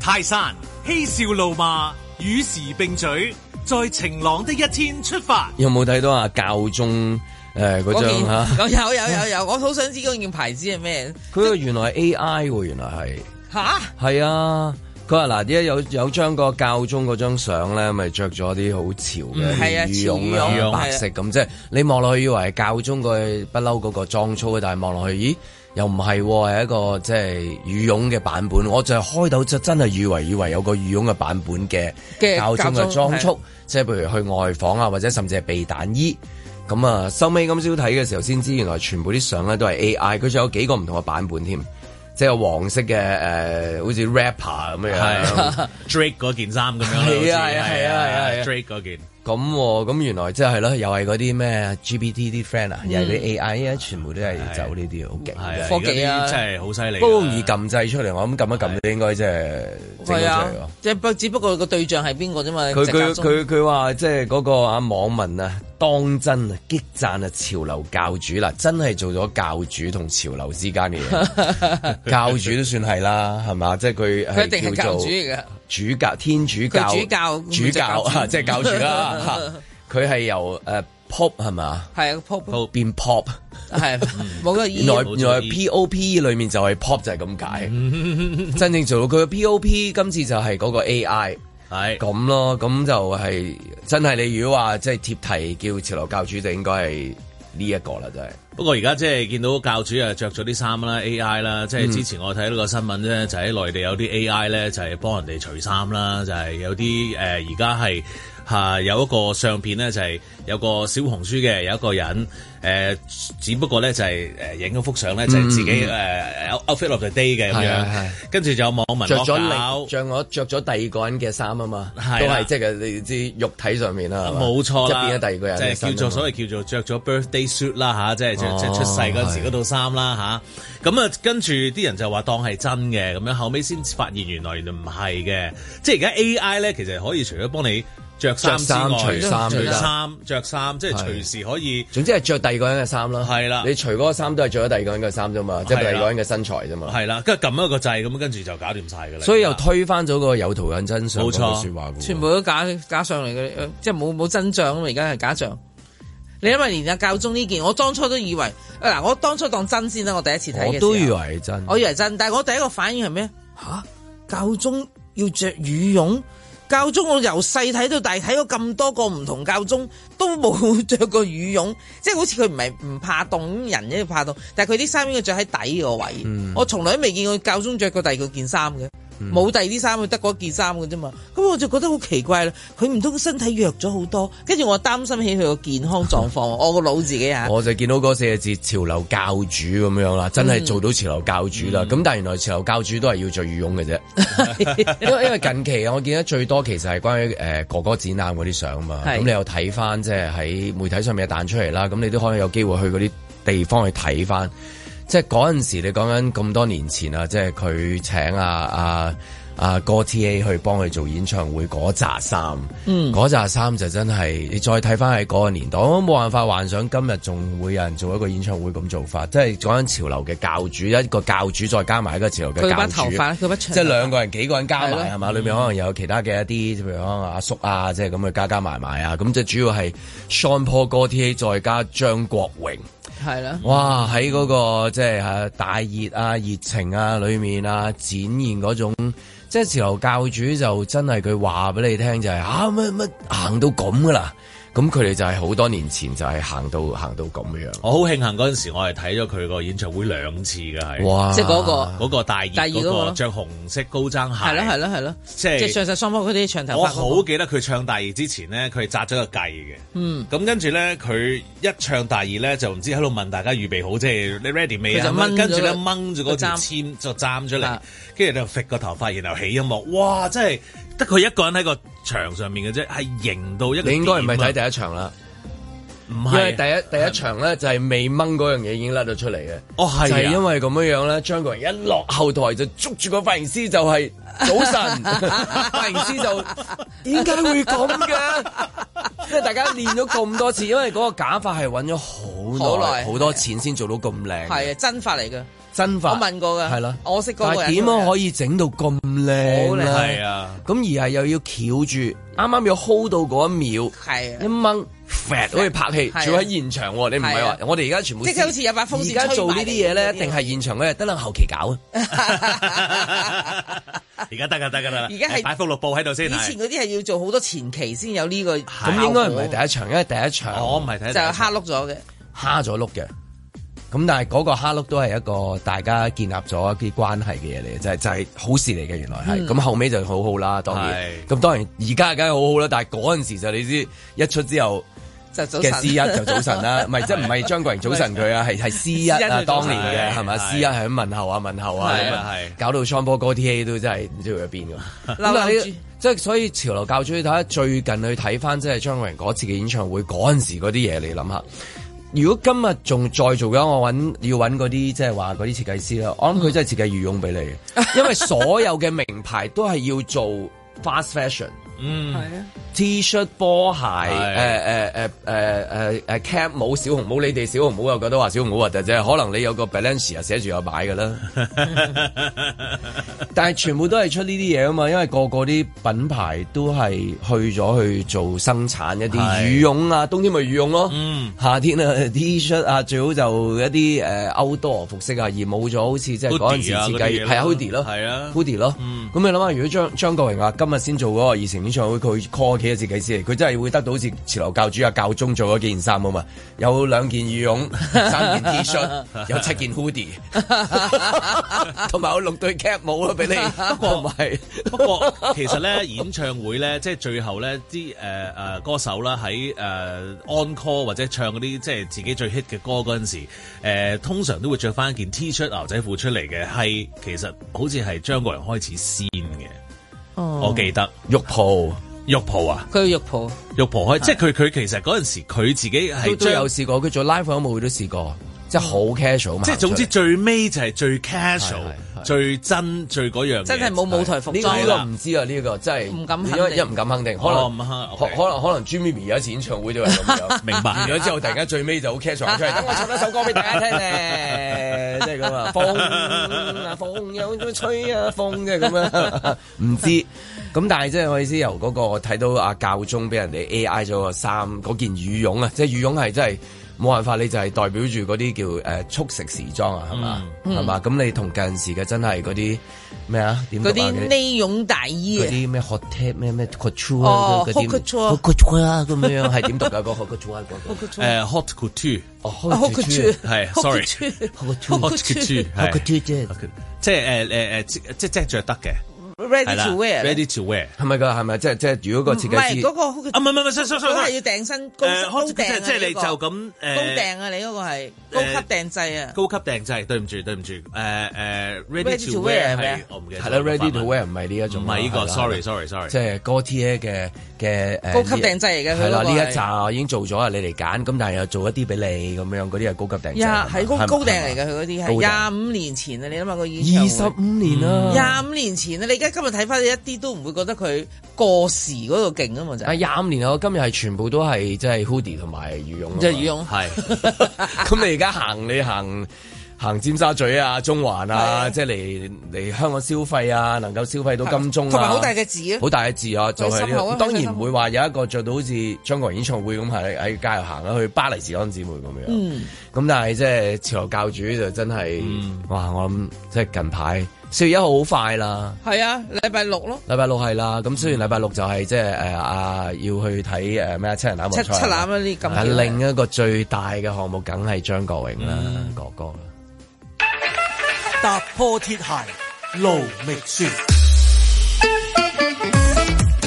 泰山嬉笑怒罵與時並舉，在晴朗的一天出發。有冇睇到啊？教宗，誒，嗰張吓？有有有有，有 (laughs) 我好想知嗰件牌子係咩？佢個原來係 AI 喎，原來係吓？係蛤啊，佢話嗱，而家有有張個教宗嗰張相咧，咪着咗啲好潮嘅羽絨，白色咁，啊、即係你望落去以為係教宗嗰嗰個不嬲嗰個裝束嘅，但係望落去，咦？又唔係係一個即係羽絨嘅版本，我就係開頭就真係以為以為有個羽絨嘅版本嘅教宗嘅裝束，即係譬如去外訪啊，或者甚至係避彈衣。咁啊，收尾今朝睇嘅時候，先知原來全部啲相咧都係 AI，佢仲有幾個唔同嘅版本添，即係黃色嘅誒，好似 rapper 咁樣，Drake 嗰件衫咁樣，係啊係啊係啊，Drake 嗰件。咁喎，咁、哦、原來真係囉。又係嗰啲咩 GPT 啲 friend 啊，又係啲 AI 啊，全部都係走呢啲，好勁的，的科技啊，真係好犀利。不過以撳掣出嚟，我諗撳一撳都應該即係整得即係，的只不過個對象係邊個啫嘛？佢佢佢佢話即係嗰個啊網民啊。當真啊！激讚啊！潮流教主啦，真係做咗教主同潮流之間嘅嘢，教主都算係啦，係嘛？即係佢一定係教主嘅主教天主教主教主教即係教主啦，佢係由誒 pop 係嘛，係啊 pop 變 pop 係，冇個原來 P O P 裏面就係 pop 就係咁解，真正做到佢嘅 P O P 今次就係嗰個 A I。係咁咯，咁是就係、是、真係。你如果話即係貼題叫潮流教主，就應該係呢一個啦，真係。不過而家即係見到教主啊，着咗啲衫啦，AI 啦，即係之前我睇到個新聞咧、嗯，就喺內地有啲 AI 咧，就係幫人哋除衫啦，就係有啲誒，而家係。嚇有一個相片咧，就係有個小紅書嘅有一個人誒，只不過咧就係影嗰幅相咧就係自己誒 outfit of the day 嘅咁樣，跟住就有網民著咗另著我著咗第二個人嘅衫啊嘛，都係即係你知肉體上面啦，冇錯啦，變咗第二個人，即係叫做所謂叫做着咗 birthday suit 啦嚇，即係即係出世嗰時嗰套衫啦嚇。咁啊，跟住啲人就話當係真嘅咁樣，後尾先發現原來原來唔係嘅，即係而家 AI 咧其實可以除咗幫你。着衫除衫，着衫着衫，即係隨時可以。總之係着第二個人嘅衫啦。係啦，你除嗰個衫都係着咗第二個人嘅衫啫嘛，即係第二個人嘅身材啫嘛。係啦，跟住撳一個掣，咁跟住就搞掂晒噶啦。所以又推翻咗個有圖引真相嘅說話，全部都假假上嚟嘅，即係冇冇真相啊嘛？而家係假象。你因為連阿教宗呢件，我當初都以為，嗱，我當初當真先啦，我第一次睇嘅時候都以為真，我以為真，但係我第一個反應係咩？吓，教宗要着羽絨。教宗我由細睇到大睇過咁多個唔同教宗都冇着過羽絨，即係好似佢唔係唔怕凍人，因為怕凍，但係佢啲衫應該着喺底個位，我從來未見過教宗着過第二件衫嘅。冇第二啲衫，佢得嗰件衫㗎啫嘛。咁我就覺得好奇怪啦。佢唔通身體弱咗好多，跟住我擔心起佢個健康狀況。 (laughs) 我個腦自己呀、啊，我就見到嗰四個字潮流教主咁樣啦，真係做到潮流教主啦。咁、嗯嗯、但原來潮流教主都係要著羽絨嘅啫。 (laughs) (laughs) 因為近期我見得最多其實係關於誒、呃、哥哥展覽嗰啲相嘛。咁是你又睇翻即係喺媒體上面彈出嚟啦。咁你都可能有機會去嗰啲地方去睇翻。即係嗰陣時，你講緊咁多年前啊！即、啊、係佢、啊、請阿阿阿哥 T A 去幫佢做演唱會嗰紮衫，嗰紮衫就真係你再睇翻喺嗰個年代，我冇辦法幻想今日仲會有人做一個演唱會咁做法。即係講緊潮流嘅教主，一個教主再加埋一個潮流嘅教主，即係兩個人、幾個人加埋係嘛？裏面可能有其他嘅一啲，譬如講阿叔啊，即係咁去加加埋埋啊。咁即係主要係 Jean Paul 哥 T A 再加張國榮。係啦，哇！喺嗰、那個即係、就是、大熱啊、熱情啊裏面啊，展現嗰種即係、就是、慈候教主就真係佢話俾你聽就係、是、啊乜乜行到咁噶啦。咁佢哋就係好多年前就係行到行到咁樣。我好慶幸嗰陣時，我係睇咗佢個演唱會兩次㗎。係。哇！即係嗰個嗰個大二嗰個著紅色高踭鞋。係咯係咯係咯。即係即係雙方嗰啲長頭髮我好記得佢唱大二之前呢，佢紮咗個髻嘅。嗯。咁跟住咧，佢一唱大二咧，就唔知喺度問大家預備好即係你 ready 咩？跟住咧掹住個條簽就攤出嚟，跟住就甩個頭髮然後起音樂。哇！真係～得佢一個人喺個牆上面嘅啫，係型到一個。你應該唔係睇第一場啦，唔係，因為第一第一場咧就係未掹嗰樣嘢已經甩咗出嚟嘅。哦，係啊，因為咁樣樣咧，張國榮一落後台就捉住個髮型師就係、是、早晨， (laughs) (laughs) 髮型師就點解會咁嘅？因為大家練咗咁多次，因為嗰個假髮係搵咗好耐好多錢先做到咁靚，係啊，真髮嚟嘅。真法，我問過噶，係咯，我識嗰個人。但點樣可以整到咁靚咧？係啊，咁而係又要翹住，啱啱要 hold 到嗰一秒，係一掹 fat 可以拍戲，仲喺現場喎。你唔係話我哋而家全部即係好似有把風扇而家做呢啲嘢咧，一定係現場日，得能後期搞啊。而家得噶，得噶啦。而家係擺幅綠布喺度先。以前嗰啲係要做好多前期先有呢個。咁應該唔係第一場，因為第一場我唔係睇就蝦碌咗嘅，蝦咗碌嘅。咁但係嗰個哈碌都係一個大家建立咗一啲關係嘅嘢嚟，就係就係好事嚟嘅，原來係。咁後尾就好好啦，當然。咁當然而家梗係好好啦，但係嗰陣時就你知一出之後嘅 C 1就早晨啦，咪，即係唔係張國榮早晨佢呀，係 C 1啊，當年嘅係咪 c 1，係咁問候啊，問候啊，搞到雙波哥 T A 都真係唔知去咗邊㗎？咁即係所以潮流教主睇最近去睇返即係張國榮嗰次嘅演唱會嗰陣時嗰啲嘢，你諗下。如果今日仲再做嘅話，我揾要揾嗰啲即係話嗰啲設計師啦，我諗佢真係設計羽絨俾你嘅，因為所有嘅名牌都係要做 fast fashion。嗯，係啊，T-shirt、T shirt，波鞋，誒誒誒誒誒誒，cap 帽、小紅帽，你哋小紅帽又覺得話小紅帽核突啫，可能你有個 balance 啊，寫住有買噶啦， (laughs) 但係全部都係出呢啲嘢啊嘛，因為個個啲品牌都係去咗去做生產一啲羽絨啊，冬天咪羽絨咯，嗯、夏天啊 T-shirt 啊，最好就一啲誒 outdoor 服飾啊，而冇咗好似即係嗰陣時設計，係啊，Hoodie、啊、咯，係啊，Hoodie 咯，咁、嗯、你諗下，如果張張國榮啊，今日先做嗰個二成。佢 call 企多設計師嚟？佢真係會得到好似潮流教主啊、教宗做咗幾件衫啊嘛？有兩件羽絨，三件 T 恤，shirt, 有七件 hoodie，同埋 (laughs) 有六對 cap 帽咯俾你。不過唔係，有不過 (laughs) 其實咧演唱會咧，即係最後咧啲誒誒歌手啦，喺誒 Encore 或者唱嗰啲即係自己最 hit 嘅歌嗰陣時，誒、呃、通常都會着翻一件 T 恤牛仔褲出嚟嘅。係其實好似係張國榮開始先嘅。我記得玉蒲玉蒲啊，佢玉蒲玉蒲開，的即係佢佢其實嗰陣時佢自己係都有試過，佢做 live 有冇佢都試過。即係好 casual，嘛，即係總之最尾就係最 casual、最真、最嗰樣。真係冇舞台服底啦！呢了個唔知啊，呢、呢個真係唔敢肯一唔敢肯定，敢肯定可能、oh, okay. 可能可能朱咪咪有一次演唱會都係咁樣。 (laughs) 明白完咗之後，突然間最尾就好 casual 出嚟，等 (laughs) 我唱一首歌俾大家聽咧，即係咁啊！風啊風樣，吹啊風？即係咁唔知。咁但係即係我意思，由嗰個我睇到阿教宗俾人哋 A I 咗個衫，嗰件羽絨啊，即係羽絨係真係冇辦法，你就係代表住嗰啲叫誒速食時裝啊，係嘛，係嘛，咁你同近時嘅真係嗰啲咩啊？嗰啲呢絨大衣，嗰啲咩 hot 咩咩 hot too 啊，hot too hot too 啊，咁樣樣係點讀噶？嗰 hot too 啊，嗰個誒 hot too 哦，hot too 係 sorry hot too hot too 即係誒誒即即着得嘅。ready to wear 係咪噶？係咪即係即係？如果個設計唔係嗰個，唔係唔係唔係要訂身即係你就咁誒，高訂啊！你嗰個係高級訂製啊！高級訂製，對唔住對唔住，誒誒，ready to wear 係咪？我唔記得係啦，ready to wear 唔係呢一種，唔係呢個，sorry sorry sorry，即係高 tier 嘅嘅誒，高級訂製嚟嘅係啦，呢一集我已經做咗啊，你嚟揀咁，但係又做一啲俾你咁樣，嗰啲係高級訂廿係高高訂嚟嘅，佢嗰啲係廿五年前啊！你諗下個二二十五年啦，廿五年前啊！你。今日睇翻一啲都唔會覺得佢過時，嗰度勁啊嘛，就係廿五年後今日係全部都係即係 hoodie 同埋羽絨，即係羽絨係。咁你而家行你行行尖沙咀啊、中環啊，即係嚟嚟香港消費啊，能夠消費到金鐘，同埋好大嘅字，好大嘅字啊！就係當然唔會話有一個着到好似張國榮演唱會咁，係喺街度行啊，去巴黎治安姊妹咁樣。嗯，咁但係即係潮流教主就真係哇！我諗即係近排。四月一號好快啦，係啊，禮拜六咯，禮拜六係啦。咁雖然禮拜六就係即係誒啊要去睇誒咩七人欖木七七欖嗰啲咁。啊，啊，另一個最大嘅項目梗係張國榮啦，嗯、哥哥。踏破鐵鞋路未舒。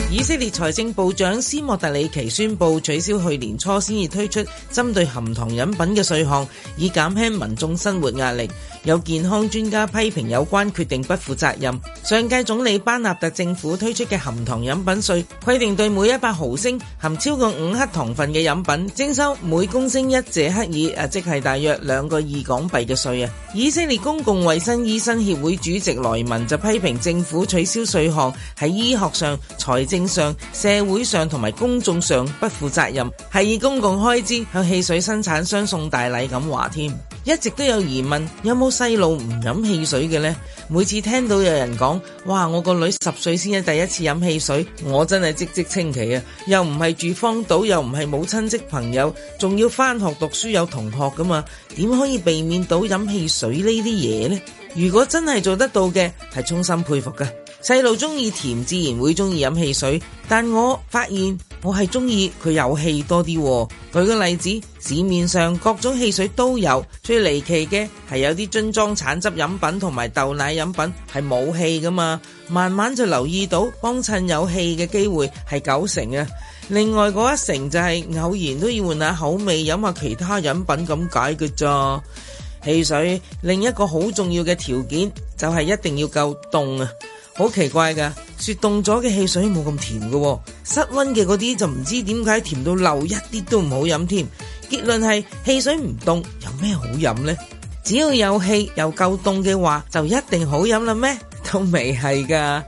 以色列財政部長斯莫特里奇宣布取消去年初先至推出針對含糖飲品嘅稅項，以減輕民眾生活壓力。有健康專家批評有關決定不負責任。上屆總理班納特政府推出嘅含糖飲品稅，規定對每一百毫升含超過五克糖分嘅飲品，徵收每公升一謝克爾，啊，即係大約兩個二港幣嘅稅啊！以色列公共衛生醫生協會主席萊文就批評政府取消稅項喺醫學上、財政上、社會上同埋公眾上不負責任，係以公共開支向汽水生產商送大禮咁話添。一直都有疑問，有冇細路唔飲汽水嘅呢？每次聽到有人講，哇，我個女十歲先係第一次飲汽水，我真係嘖嘖稱奇啊！又唔係住荒島，又唔係冇親戚朋友，仲要翻學讀書有同學噶嘛？點可以避免到飲汽水呢啲嘢呢？如果真係做得到嘅，係衷心佩服噶。細路鍾意甜，自然會鍾意飲汽水。但我發現。我係中意佢有氣多啲，舉個例子，市面上各種汽水都有，最離奇嘅係有啲樽裝橙汁飲品同埋豆奶飲品係冇氣噶嘛，慢慢就留意到幫襯有氣嘅機會係九成啊，另外嗰一成就係偶然都要換下口味飲下其他飲品咁解決咋，汽水另一個好重要嘅條件就係一定要夠凍啊！好奇怪噶，雪凍咗嘅汽水冇咁甜喎，哦。室温嘅嗰啲就唔知點解甜到漏一啲都唔好飲添。結論係汽水唔凍有咩好飲呢？只要有氣又夠凍嘅話，就一定好飲啦咩？都未係噶，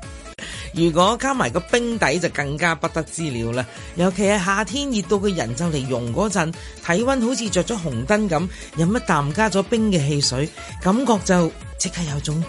如果加埋個冰底就更加不得之了啦。尤其係夏天熱到嘅人就嚟溶嗰陣，體溫好似着咗紅燈咁，飲一啖加咗冰嘅汽水，感覺就即刻有種。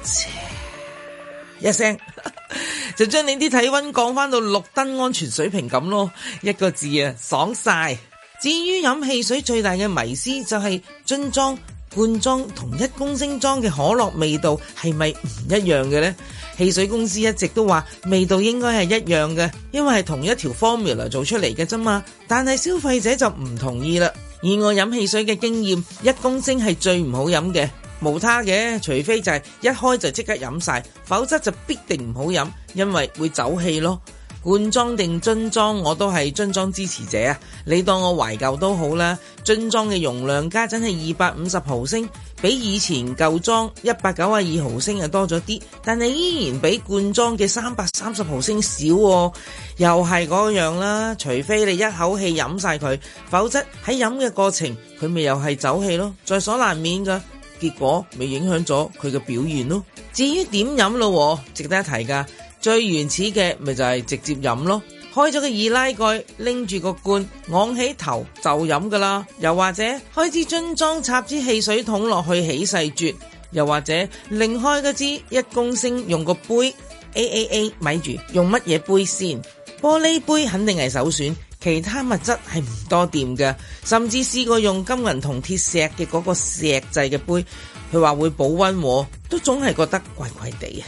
一聲 (laughs) 就將你啲體溫降翻到綠燈安全水平咁咯，一個字啊，爽晒。至於飲汽水最大嘅迷思就係，樽裝、罐裝同一公升裝嘅可樂味道係咪唔一樣嘅呢？汽水公司一直都話味道應該係一樣嘅，因為係同一條 formula 做出嚟嘅啫嘛，但係消費者就唔同意啦。以我飲汽水嘅經驗，一公升係最唔好飲嘅。無他嘅，除非就係一開就即刻飲晒，否則就必定唔好飲，因為會走氣咯。罐裝定樽裝，我都係樽裝支持者啊！你當我懷舊都好啦，樽裝嘅容量家陣係二百五十毫升，比以前舊裝一百九十二毫升又多咗啲，但係依然比罐裝嘅三百三十毫升少，又係嗰樣啦。除非你一口氣飲晒佢，否則喺飲嘅過程佢咪又係走氣咯，在所難免噶。結果咪影響咗佢嘅表現咯。至於點飲咯，值得一提噶。最原始嘅咪就係直接飲咯，開咗個易拉蓋，拎住個罐，昂起頭就飲噶啦。又或者開支樽裝，插支汽水桶落去起勢啜。又或者另開嗰支一公升，用個杯 A A A 咪住，用乜嘢杯先？玻璃杯肯定係首選。其他物質係唔多掂嘅，甚至試過用金銀同鐵石嘅嗰個石製嘅杯，佢話會保溫，都總係覺得怪怪地。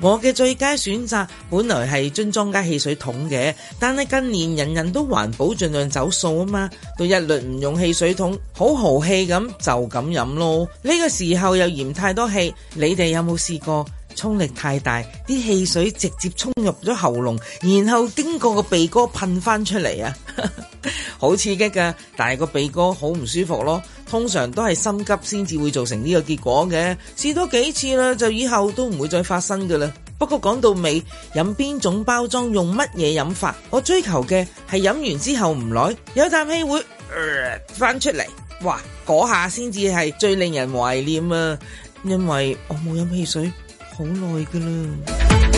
我嘅最佳選擇本來係樽裝加汽水桶嘅，但係近年人人都環保，盡量走數啊嘛，都一律唔用汽水桶，好豪氣咁就咁飲咯。呢個時候又嫌太多氣，你哋有冇試過？衝力太大，啲汽水直接沖入咗喉嚨，然後經過個鼻哥噴翻出嚟啊，好 (laughs) 刺激噶，但係個鼻哥好唔舒服咯。通常都係心急先至會造成呢個結果嘅。試多幾次啦，就以後都唔會再發生噶啦。不過講到尾，飲邊種包裝，用乜嘢飲法，我追求嘅係飲完之後唔耐有啖氣會翻、呃、出嚟，哇，嗰下先至係最令人懷念啊，因為我冇飲汽水。好耐㗎喇。